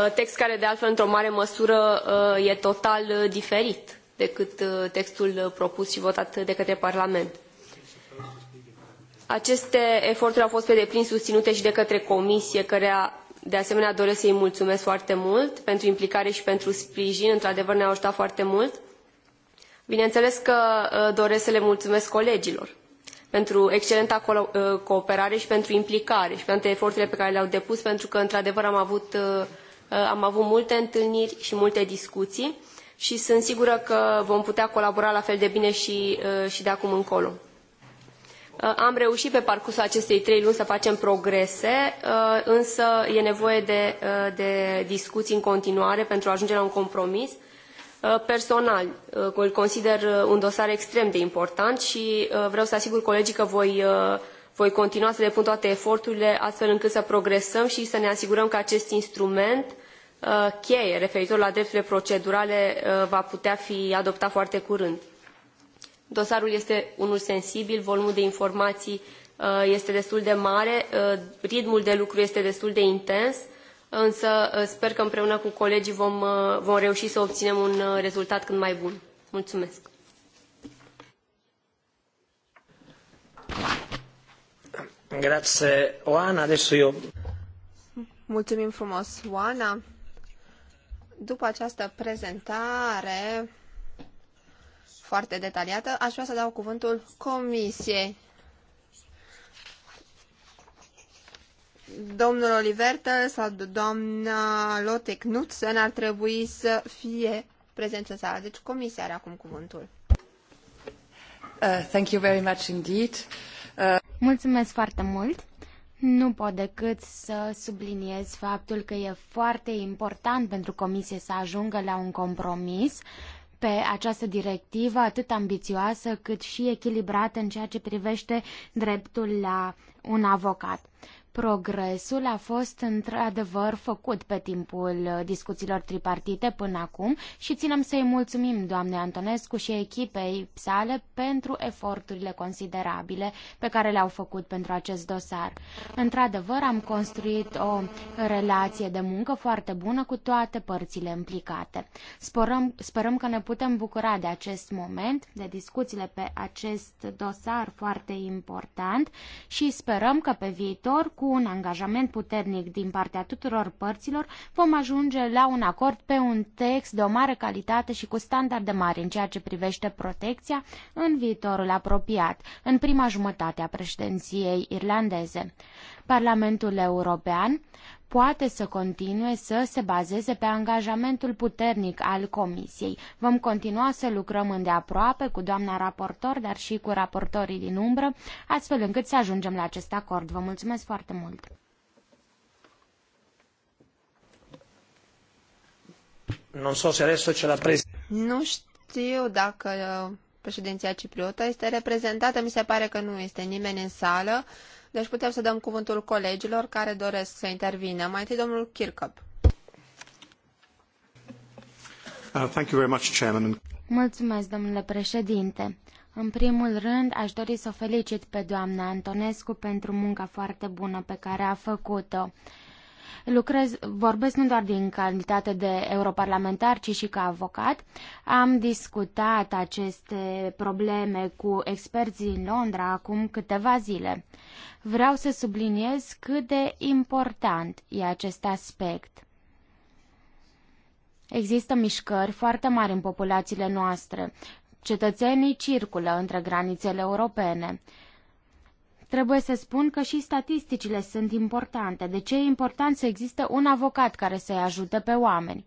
Uh, text care de altfel într-o mare măsură uh, e total uh, diferit decât textul propus și votat de către Parlament. Aceste eforturi au fost pe deplin susținute și de către Comisie, care de asemenea doresc să-i mulțumesc foarte mult pentru implicare și pentru sprijin, într-adevăr ne-au ajutat foarte mult. Bineînțeles că doresc să le mulțumesc colegilor pentru excelenta cooperare și pentru implicare și pentru eforturile pe care le-au depus, pentru că într-adevăr am avut Uh, am avut multe întâlniri și multe discuții și sunt sigură că vom putea colabora la fel de bine și, uh, și de acum încolo. Uh, am reușit pe parcursul acestei trei luni să facem progrese, însă e nevoie de, de discuții în continuare pentru a ajunge la un compromis. Personal, îl consider un dosar extrem de important și vreau să asigur colegii că voi voi continua să depun toate eforturile astfel încât să progresăm i să ne asigurăm că acest instrument uh, cheie referitor la drepturile procedurale uh, va putea fi adoptat foarte curând. Dosarul este unul sensibil, volumul de informații uh, este destul de mare, ritmul de lucru este destul de intens, însă sper că împreună cu colegii vom, vom reuși să obținem un rezultat cât mai bun. Mulțumesc! Mulțumim frumos, Oana. După această prezentare foarte detaliată, aș vrea să dau cuvântul comisiei. Domnul Olivertel sau doamna Lotte Knudsen ar trebui să fie prezenți în sală. Deci comisia are acum cuvântul. Uh, thank you very much indeed. Mulțumesc foarte mult! Nu pot decât să subliniez faptul că e foarte important pentru Comisie să ajungă la un compromis pe această directivă atât ambițioasă cât și echilibrată în ceea ce privește dreptul la un avocat. Progresul a fost într-adevăr făcut pe timpul uh, discuțiilor tripartite până acum și ținem să-i mulțumim doamne Antonescu și echipei sale pentru eforturile considerabile pe care le-au făcut pentru acest dosar. Într-adevăr, am construit o relație de muncă foarte bună cu toate părțile implicate. Sporăm, sperăm că ne putem bucura de acest moment, de discuțiile pe acest dosar foarte important și sperăm că pe viitor cu cu un angajament puternic din partea tuturor părților, vom ajunge la un acord pe un text de o mare calitate și cu standarde mari în ceea ce privește protecția în viitorul apropiat, în prima jumătate a președinției irlandeze. Parlamentul European poate să continue să se bazeze pe angajamentul puternic al Comisiei. Vom continua să lucrăm îndeaproape cu doamna raportor, dar și cu raportorii din umbră, astfel încât să ajungem la acest acord. Vă mulțumesc foarte mult! nu știu dacă președinția cipriotă este reprezentată, mi se pare că nu este nimeni în sală. Deci putem să dăm cuvântul colegilor care doresc să intervină. Mai întâi domnul Kirkup. Uh, thank you very much, Chairman. Mulțumesc, domnule președinte. În primul rând, aș dori să o felicit pe doamna Antonescu pentru munca foarte bună pe care a făcut-o lucrez, vorbesc nu doar din calitate de europarlamentar, ci și ca avocat. Am discutat aceste probleme cu experții în Londra acum câteva zile. Vreau să subliniez cât de important e acest aspect. Există mișcări foarte mari în populațiile noastre. Cetățenii circulă între granițele europene. Trebuie să spun că și statisticile sunt importante. De ce e important să existe un avocat care să-i ajute pe oameni?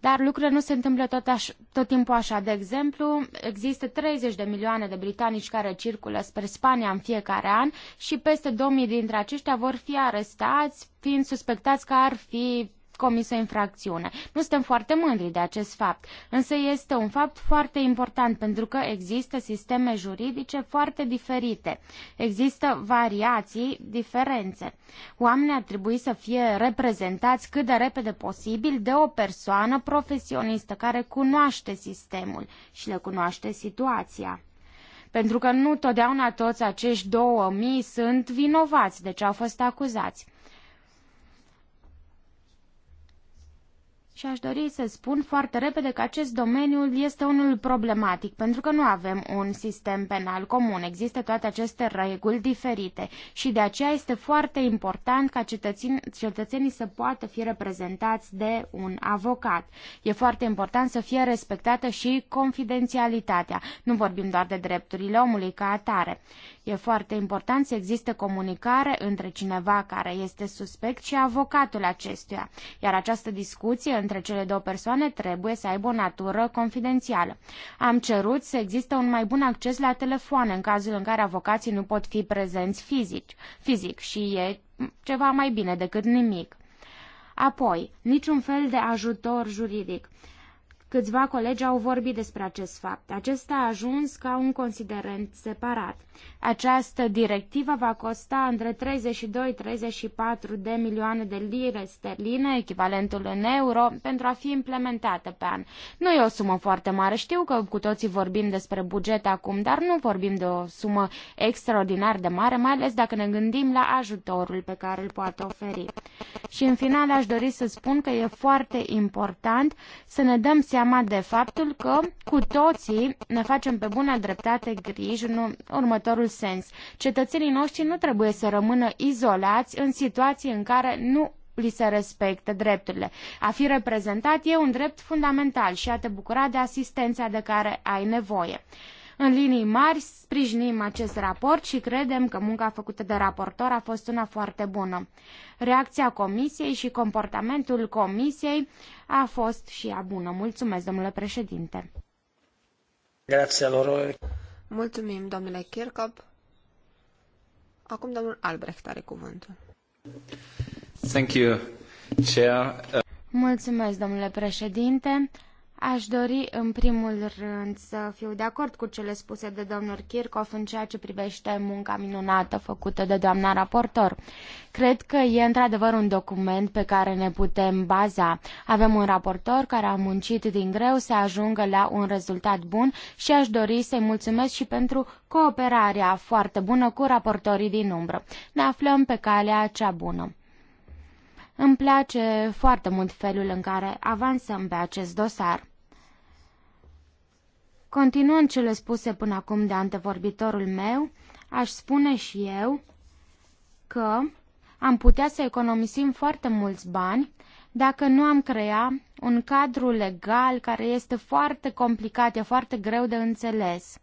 Dar lucrurile nu se întâmplă tot, aș, tot timpul așa. De exemplu, există 30 de milioane de britanici care circulă spre Spania în fiecare an și peste 2000 dintre aceștia vor fi arestați, fiind suspectați că ar fi comis o infracțiune. Nu suntem foarte mândri de acest fapt, însă este un fapt foarte important pentru că există sisteme juridice foarte diferite. Există variații, diferențe. Oamenii ar trebui să fie reprezentați cât de repede posibil de o persoană profesionistă care cunoaște sistemul și le cunoaște situația pentru că nu totdeauna toți acești mii sunt vinovați de deci ce au fost acuzați. Și aș dori să spun foarte repede că acest domeniu este unul problematic, pentru că nu avem un sistem penal comun. Există toate aceste reguli diferite și de aceea este foarte important ca cetățenii să poată fi reprezentați de un avocat. E foarte important să fie respectată și confidențialitatea. Nu vorbim doar de drepturile omului ca atare. E foarte important să existe comunicare între cineva care este suspect și avocatul acestuia, iar această discuție între cele două persoane trebuie să aibă o natură confidențială. Am cerut să existe un mai bun acces la telefoane în cazul în care avocații nu pot fi prezenți fizic, fizic și e ceva mai bine decât nimic. Apoi, niciun fel de ajutor juridic. Câțiva colegi au vorbit despre acest fapt. Acesta a ajuns ca un considerent separat. Această directivă va costa între 32-34 de milioane de lire sterline, echivalentul în euro, pentru a fi implementată pe an. Nu e o sumă foarte mare, știu că cu toții vorbim despre buget acum, dar nu vorbim de o sumă extraordinar de mare, mai ales dacă ne gândim la ajutorul pe care îl poate oferi. Și în final aș dori să spun că e foarte important să ne dăm seama de faptul că cu toții ne facem pe bună dreptate griji în următorul sens. Cetățenii noștri nu trebuie să rămână izolați în situații în care nu li se respectă drepturile. A fi reprezentat e un drept fundamental și a te bucura de asistența de care ai nevoie. În linii mari, sprijinim acest raport și credem că munca făcută de raportor a fost una foarte bună. Reacția comisiei și comportamentul comisiei a fost și a bună. Mulțumesc, domnule președinte. Grazie Mulțumim, domnule Kirkop. Acum domnul Albrecht are cuvântul. Thank you, Chair. Mulțumesc, domnule președinte. Aș dori în primul rând să fiu de acord cu cele spuse de domnul Kirchhoff în ceea ce privește munca minunată făcută de doamna raportor. Cred că e într-adevăr un document pe care ne putem baza. Avem un raportor care a muncit din greu să ajungă la un rezultat bun și aș dori să-i mulțumesc și pentru cooperarea foarte bună cu raportorii din umbră. Ne aflăm pe calea cea bună. Îmi place foarte mult felul în care avansăm pe acest dosar. Continuând cele spuse până acum de antevorbitorul meu, aș spune și eu că am putea să economisim foarte mulți bani dacă nu am crea un cadru legal care este foarte complicat, e foarte greu de înțeles.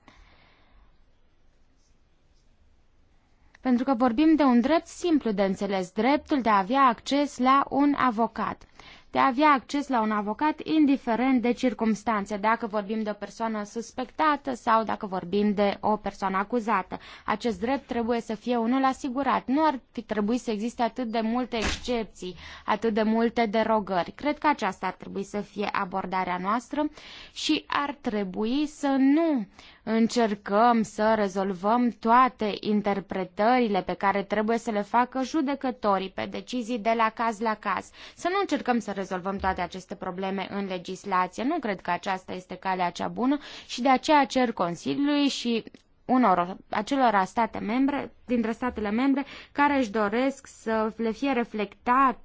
Pentru că vorbim de un drept simplu de înțeles, dreptul de a avea acces la un avocat de a avea acces la un avocat indiferent de circumstanțe, dacă vorbim de o persoană suspectată sau dacă vorbim de o persoană acuzată. Acest drept trebuie să fie unul asigurat. Nu ar fi trebuit să existe atât de multe excepții, atât de multe derogări. Cred că aceasta ar trebui să fie abordarea noastră și ar trebui să nu uh, Încercăm să rezolvăm toate interpretările pe care trebuie să le facă judecătorii pe decizii de la caz la caz. Să nu încercăm să rezolvăm toate aceste probleme în legislație. Nu cred că aceasta este calea cea bună și de aceea cer Consiliului și unor acelora state membre, dintre statele membre, care își doresc să le fie reflectat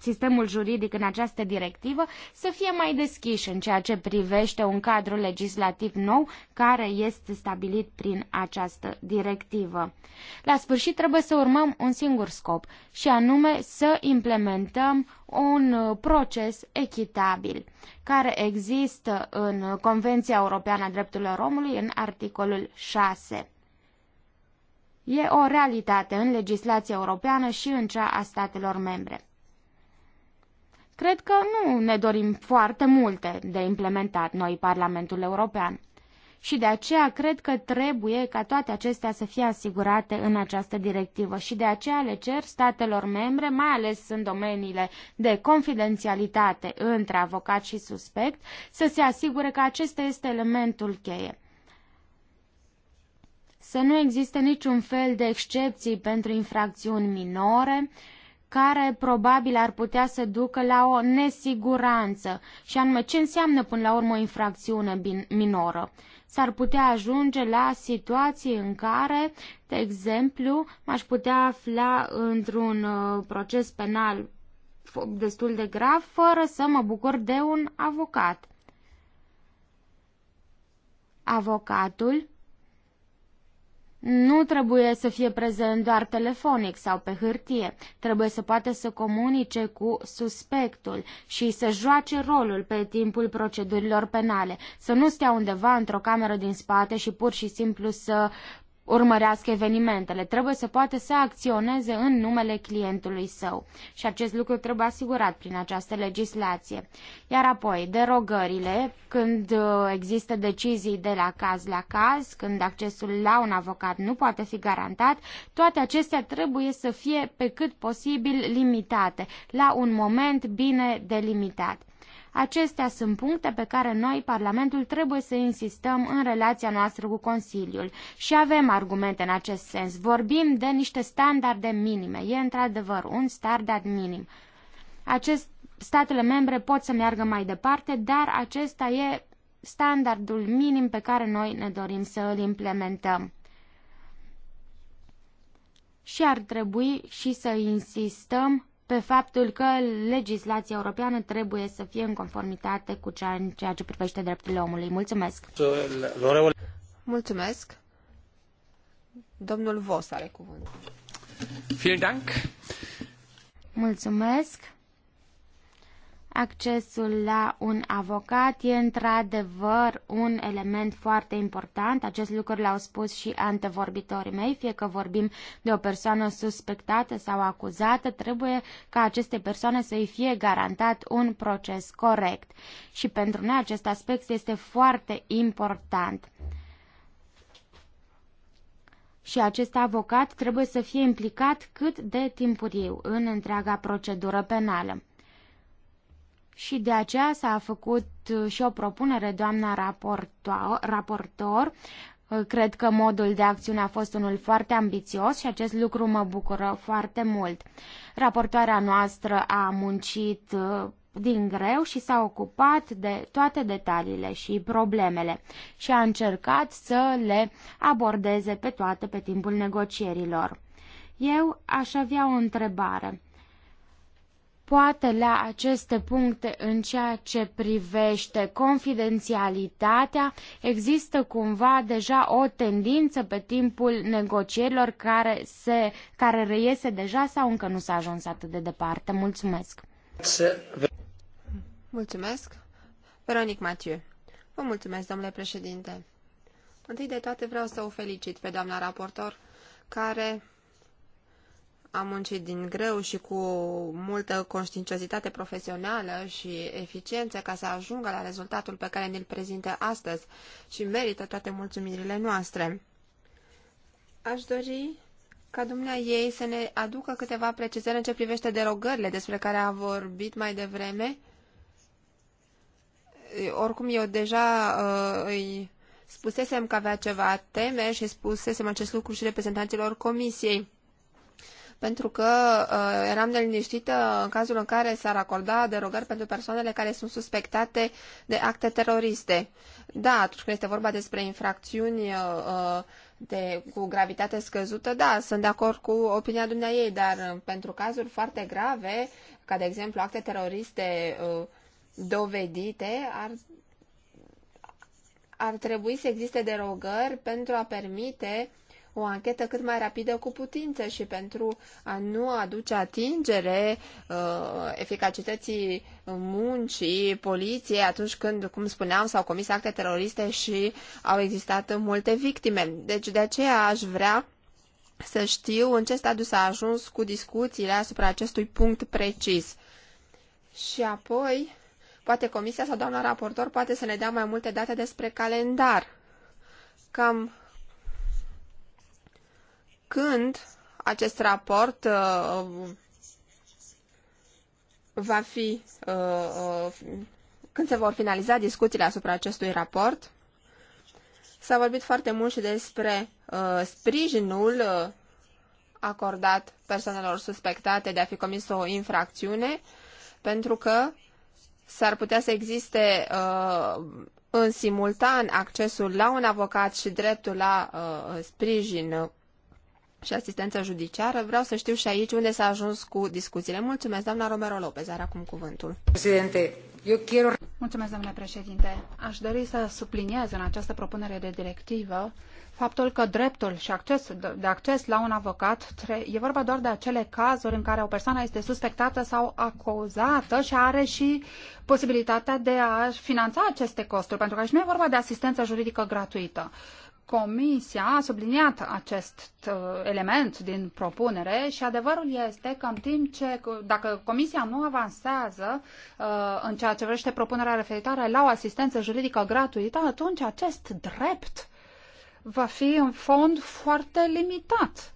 sistemul juridic în această directivă să fie mai deschiși în ceea ce privește un cadru legislativ nou care este stabilit prin această directivă. La sfârșit trebuie să urmăm un singur scop și anume să implementăm un uh, proces echitabil care există în Convenția Europeană a Drepturilor Omului în articolul 6. E o realitate în legislația europeană și în cea a statelor membre. Cred că nu ne dorim foarte multe de implementat noi Parlamentul European. Și de aceea cred că trebuie ca toate acestea să fie asigurate în această directivă și de aceea le cer statelor membre, mai ales în domeniile de confidențialitate între avocat și suspect, să se asigure că acesta este elementul cheie să nu existe niciun fel de excepții pentru infracțiuni minore care probabil ar putea să ducă la o nesiguranță, și anume ce înseamnă până la urmă o infracțiune minoră. S-ar putea ajunge la situații în care, de exemplu, m-aș putea afla într-un uh, proces penal destul de grav fără să mă bucur de un avocat. Avocatul nu trebuie să fie prezent doar telefonic sau pe hârtie, trebuie să poată să comunice cu suspectul și să joace rolul pe timpul procedurilor penale, să nu stea undeva într-o cameră din spate și pur și simplu să urmărească evenimentele, trebuie să poată să acționeze în numele clientului său și acest lucru trebuie asigurat prin această legislație. Iar apoi, derogările, când uh, există decizii de la caz la caz, când accesul la un avocat nu poate fi garantat, toate acestea trebuie să fie pe cât posibil limitate, la un moment bine delimitat. Acestea sunt puncte pe care noi, Parlamentul, trebuie să insistăm în relația noastră cu Consiliul și avem argumente în acest sens. Vorbim de niște standarde minime. E într-adevăr un standard minim. Acest statele membre pot să meargă mai departe, dar acesta e standardul minim pe care noi ne dorim să îl implementăm. Și ar trebui și să insistăm pe faptul că legislația europeană trebuie să fie în conformitate cu cea în ceea ce privește drepturile omului. Mulțumesc! Mulțumesc! Domnul Vos are cuvânt. Vielen Dank! Mulțumesc! Accesul la un avocat e într-adevăr un element foarte important. Acest lucru l-au spus și antevorbitorii mei, fie că vorbim de o persoană suspectată sau acuzată, trebuie ca aceste persoane să-i fie garantat un proces corect. Și pentru noi acest aspect este foarte important și acest avocat trebuie să fie implicat cât de timpuriu în întreaga procedură penală și de aceea s-a făcut uh, și o propunere, doamna raportor, raportor uh, Cred că modul de acțiune a fost unul foarte ambițios și acest lucru mă bucură foarte mult. Raportoarea noastră a muncit uh, din greu și s-a ocupat de toate detaliile și problemele și a încercat să le abordeze pe toate pe timpul negocierilor. Eu aș avea o întrebare poate la aceste puncte în ceea ce privește confidențialitatea există cumva deja o tendință pe timpul negocierilor care, se, care reiese deja sau încă nu s-a ajuns atât de departe? Mulțumesc! Mulțumesc! Veronic Mathieu. Vă mulțumesc, domnule președinte. Întâi de toate vreau să o felicit pe doamna raportor, care a muncit din greu și cu multă conștiinciozitate profesională și eficiență ca să ajungă la rezultatul pe care ne-l prezintă astăzi și merită toate mulțumirile noastre. Aș dori ca dumnea ei să ne aducă câteva precizări în ce privește derogările despre care a vorbit mai devreme. Oricum, eu deja uh, îi spusesem că avea ceva teme și spusesem acest lucru și reprezentanților comisiei pentru că uh, eram neliniștită în cazul în care s-ar acorda derogări pentru persoanele care sunt suspectate de acte teroriste. Da, atunci când este vorba despre infracțiuni uh, uh de, cu gravitate scăzută, da, sunt de acord cu opinia dumneai, dar pentru cazuri foarte grave, ca de exemplu acte teroriste uh, dovedite, ar ar trebui să existe derogări pentru a permite uh, o anchetă cât mai rapidă cu putință și pentru a nu aduce atingere uh, eficacității muncii poliției atunci când, cum spuneam, s-au comis acte teroriste și au existat multe victime. Deci de aceea aș vrea să știu în ce stadiu s-a ajuns cu discuțiile asupra acestui punct precis. Și apoi, poate comisia sau doamna raportor poate să ne dea mai multe date despre calendar. Cam când acest raport uh, va fi, uh, uh, când se vor finaliza discuțiile asupra acestui raport. S-a vorbit foarte mult și despre sprijinul acordat persoanelor suspectate de a fi comis o infracțiune, pentru că s-ar putea să existe în simultan accesul la un avocat și dreptul la sprijin și asistență judiciară. Vreau să știu și aici unde s-a ajuns cu discuțiile. Mulțumesc, doamna Romero Lopez, are acum cuvântul. Președinte, eu quiero... Mulțumesc, domnule președinte. Aș dori să subliniez în această propunere de directivă faptul că dreptul și acces, de acces la un avocat e vorba doar de acele cazuri în care o persoană este suspectată sau acuzată și are și posibilitatea de a finanța aceste costuri, pentru că aici nu e vorba de asistență juridică gratuită. Uh, Comisia a subliniat acest uh, element din propunere și adevărul este că în timp ce, dacă Comisia nu avansează uh, în ceea ce vrește propunerea referitoare la o asistență juridică gratuită, atunci acest drept va fi în fond foarte limitat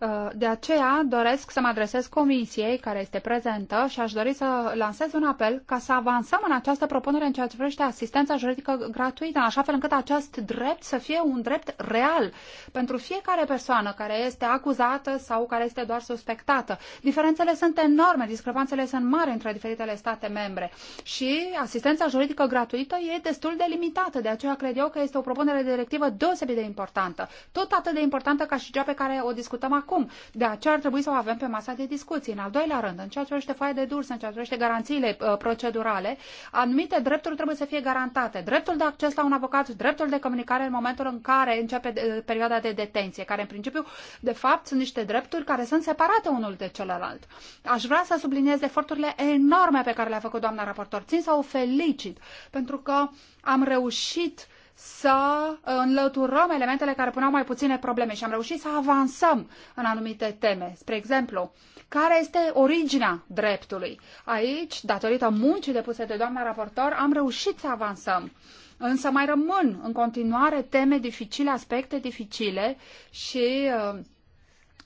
Uh, de aceea doresc să mă adresez comisiei care este prezentă și aș dori să lansez un apel ca să avansăm în această propunere în ceea ce privește asistența juridică gratuită, în așa fel încât acest drept să fie un drept real pentru fiecare persoană care este acuzată sau care este doar suspectată. Diferențele sunt enorme, discrepanțele sunt mari între diferitele state membre și asistența juridică gratuită e destul de limitată, de aceea cred eu că este o propunere de directivă deosebit de importantă, tot atât de importantă ca și cea pe care o discutăm acum acum. De aceea ar trebui să o avem pe masa de discuții. În al doilea rând, în ceea ce privește foaia de durs, în ceea ce privește garanțiile uh, procedurale, anumite drepturi trebuie să fie garantate. Dreptul de acces la un avocat, dreptul de comunicare în momentul în care începe de, uh, perioada de detenție, care în principiu, de fapt, sunt niște drepturi care sunt separate unul de celălalt. Aș vrea să subliniez eforturile enorme pe care le-a făcut doamna raportor. Țin să o felicit, pentru că am reușit uh, să uh, înlăturăm elementele care puneau mai puține probleme și am reușit să avansăm în anumite teme. Spre exemplu, care este originea dreptului? Aici, datorită muncii depuse de doamna raportor, am reușit să avansăm. Însă mai rămân în continuare teme dificile, aspecte dificile și uh,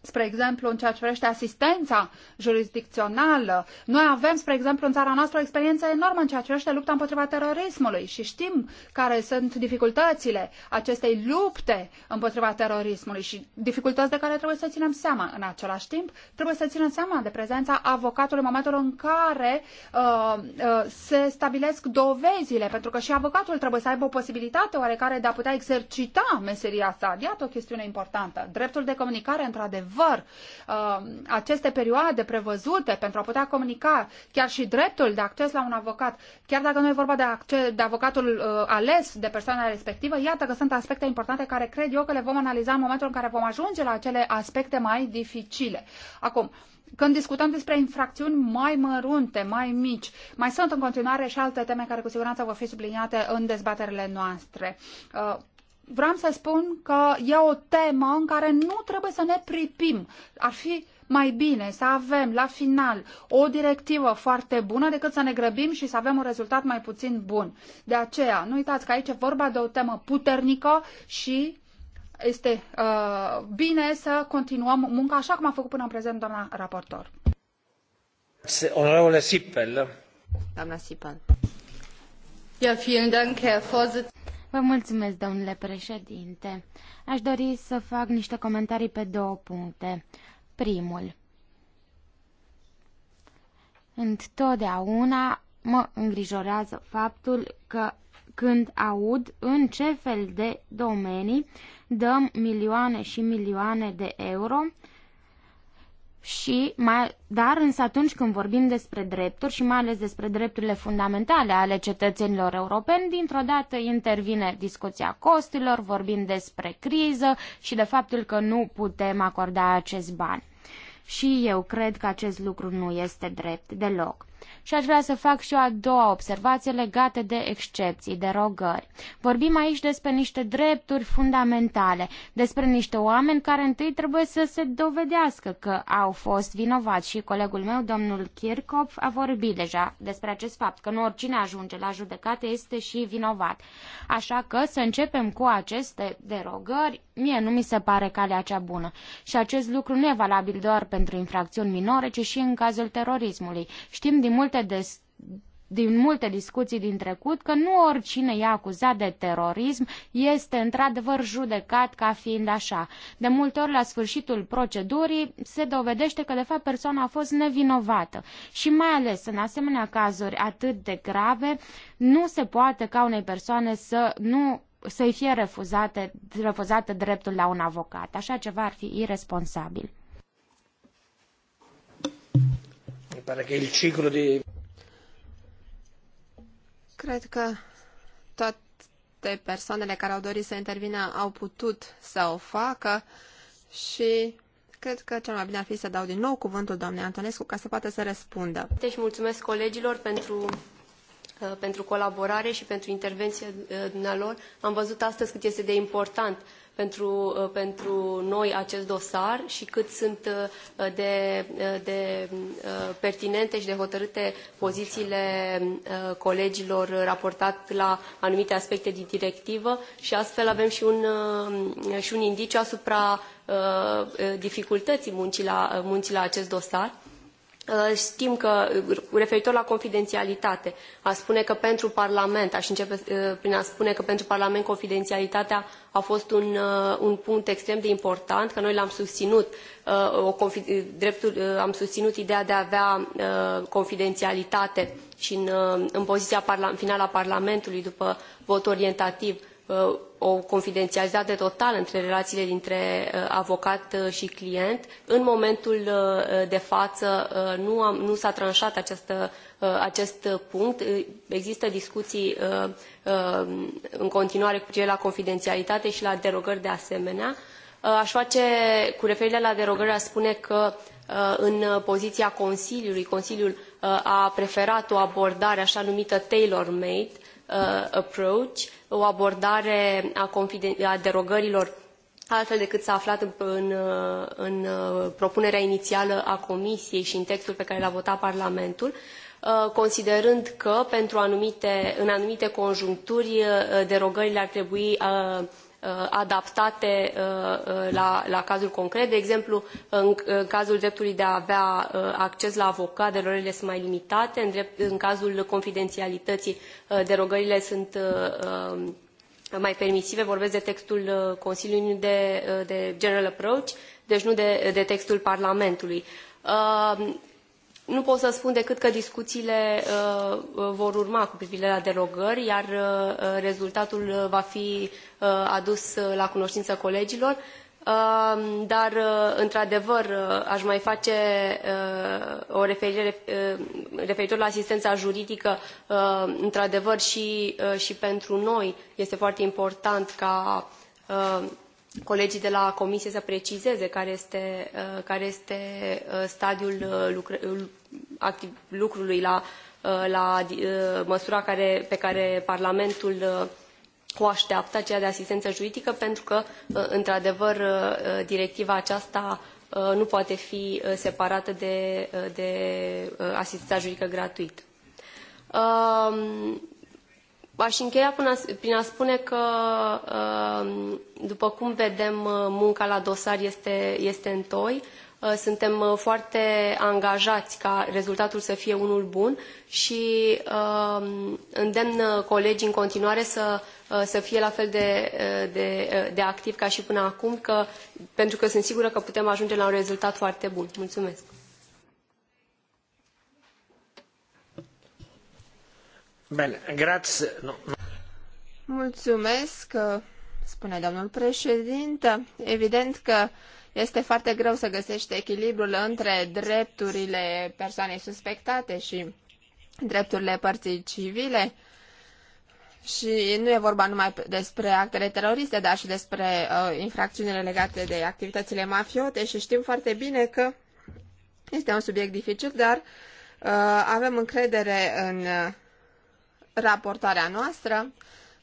Spre exemplu, în ceea ce privește asistența jurisdicțională, noi avem, spre exemplu, în țara noastră o experiență enormă în ceea ce privește lupta împotriva terorismului și știm care sunt dificultățile acestei lupte împotriva terorismului și dificultăți de care trebuie să ținem seama. În același timp, trebuie să ținem seama de prezența avocatului în momentul în care uh, uh, se stabilesc dovezile, pentru că și avocatul trebuie să aibă o posibilitate oarecare de a putea exercita meseria sa. Iată o chestiune importantă. Dreptul de comunicare, într-adevăr, într-adevăr, uh, aceste perioade prevăzute pentru a putea comunica chiar și dreptul de acces la un avocat, chiar dacă nu e vorba de, acces, de avocatul uh, ales de persoana respectivă, iată că sunt aspecte importante care cred eu că le vom analiza în momentul în care vom ajunge la acele aspecte mai dificile. Acum, când discutăm despre infracțiuni mai mărunte, mai mici, mai sunt în continuare și alte teme care cu siguranță vor fi subliniate în dezbaterile noastre. Uh, vreau să spun că e o temă în care nu trebuie să ne pripim. Ar fi mai bine să avem la final o directivă foarte bună decât să ne grăbim și să avem un rezultat mai puțin bun. De aceea, nu uitați că aici e vorba de o temă puternică și este uh, bine să continuăm munca așa cum a făcut până în prezent doamna raportor. Onorevole Sipel. Doamna Sipel. Ja, vielen Dank, Herr Vorsitzender. Vă mulțumesc, domnule președinte. Aș dori să fac niște comentarii pe două puncte. Primul. Întotdeauna mă îngrijorează faptul că când aud în ce fel de domenii dăm milioane și milioane de euro și mai, dar însă atunci când vorbim despre drepturi și mai ales despre drepturile fundamentale ale cetățenilor europeni, dintr-o dată intervine discuția costurilor, vorbim despre criză și de faptul că nu putem acorda acest bani. Și eu cred că acest lucru nu este drept deloc. Și aș vrea să fac și eu a doua observație legată de excepții, de rogări. Vorbim aici despre niște drepturi fundamentale, despre niște oameni care întâi trebuie să se dovedească că au fost vinovați și colegul meu, domnul Kirchhoff, a vorbit deja despre acest fapt, că nu oricine ajunge la judecată este și vinovat. Așa că să începem cu aceste derogări mie nu mi se pare calea cea bună. Și acest lucru nu e valabil doar pentru infracțiuni minore, ci și în cazul terorismului. Știm din multe des din multe discuții din trecut că nu oricine e acuzat de terorism este într-adevăr judecat ca fiind așa. De multe ori, la sfârșitul procedurii, se dovedește că, de fapt, persoana a fost nevinovată. Și mai ales în asemenea cazuri atât de grave, nu se poate ca unei persoane să nu să-i fie refuzate, refuzate dreptul la un avocat. Așa ceva ar fi irresponsabil. Mi pare că e ciclu de... Cred că toate persoanele care au dorit să intervină au putut să o facă și cred că cel mai bine ar fi să dau din nou cuvântul doamnei Antonescu ca să poată să răspundă. Deci mulțumesc colegilor pentru pentru colaborare și pentru intervenția uh, dumnealor. Am văzut astăzi cât este de important pentru, uh, pentru noi acest dosar și cât sunt uh, de, de pertinente și de hotărâte pozițiile colegilor raportat la anumite aspecte din directivă și astfel avem și un, și un indiciu asupra dificultății muncii la, muncii la acest dosar Uh, știm că, uh, referitor la confidențialitate, a spune că pentru Parlament, aș începe uh, prin a spune că pentru Parlament confidențialitatea a fost un, un punct extrem de important, că noi l-am susținut, o, dreptul, am susținut ideea de a avea confidențialitate și în, în poziția parla, finală a Parlamentului, după vot orientativ, o confidențialitate totală între relațiile dintre uh, avocat uh, și client. În momentul uh, de față nu, am, nu s-a tranșat această, acest punct. Există discuții în continuare cu privire la confidențialitate și la derogări de asemenea. Aș face, cu referire la derogări, aș spune că în poziția Consiliului, Consiliul a preferat o abordare așa numită tailor-made, Uh, approach, o abordare a, a derogărilor altfel decât s-a aflat în, în, uh, în, uh, propunerea inițială a Comisiei și în textul pe care l-a votat Parlamentul, considerând că pentru anumite, în anumite conjuncturi derogările ar trebui Uh, adaptate uh, uh, la, la cazul concret. De exemplu, în, cazul dreptului de a avea acces la avocat, derogările sunt mai limitate, în, drept, în cazul confidențialității, derogările sunt mai permisive, vorbesc de textul Consiliului de, de General Approach, deci nu de, de textul Parlamentului nu pot să spun decât că discuțiile uh, uh, vor urma cu privire la derogări, iar uh, rezultatul va fi adus la cunoștință colegilor. Dar, într-adevăr, aș mai face o referire referitor la asistența juridică. Într-adevăr, și, și pentru noi este foarte important ca colegii de la Comisie să precizeze care este, uh, care este uh, stadiul uh, lucrului la, la măsura care, pe care Parlamentul o așteaptă, aceea de asistență juridică, pentru că, într-adevăr, directiva aceasta nu poate fi separată de, de asistența juridică gratuită. Um, aș încheia până, prin a spune că, uh, după cum vedem, uh, munca la dosar este, este în toi. Uh, suntem foarte angajați ca rezultatul să fie unul bun și îndemn colegii în continuare să, să fie la fel de, de, de activ ca și până acum, că, pentru că sunt sigură că putem ajunge la un rezultat foarte bun. Mulțumesc! Mulțumesc, spune domnul președinte. Evident că este foarte greu să găsești echilibrul între drepturile persoanei suspectate și drepturile părții civile. Și nu e vorba numai despre actele teroriste, dar și despre uh, infracțiunile legate de activitățile mafiote și știm foarte bine că este un subiect dificil, dar uh, avem încredere în uh, raportarea noastră.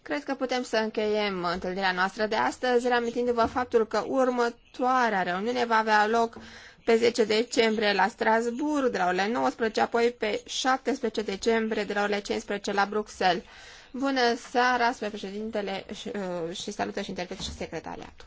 Cred că putem să încheiem întâlnirea noastră de astăzi, reamintindu-vă faptul că următoarea reuniune va avea loc pe 10 decembrie la Strasbourg de la ore 19, apoi pe 17 decembrie de la ore 15 la Bruxelles. Bună seara, spre președintele și, uh, și salută și interpret și secretariatul.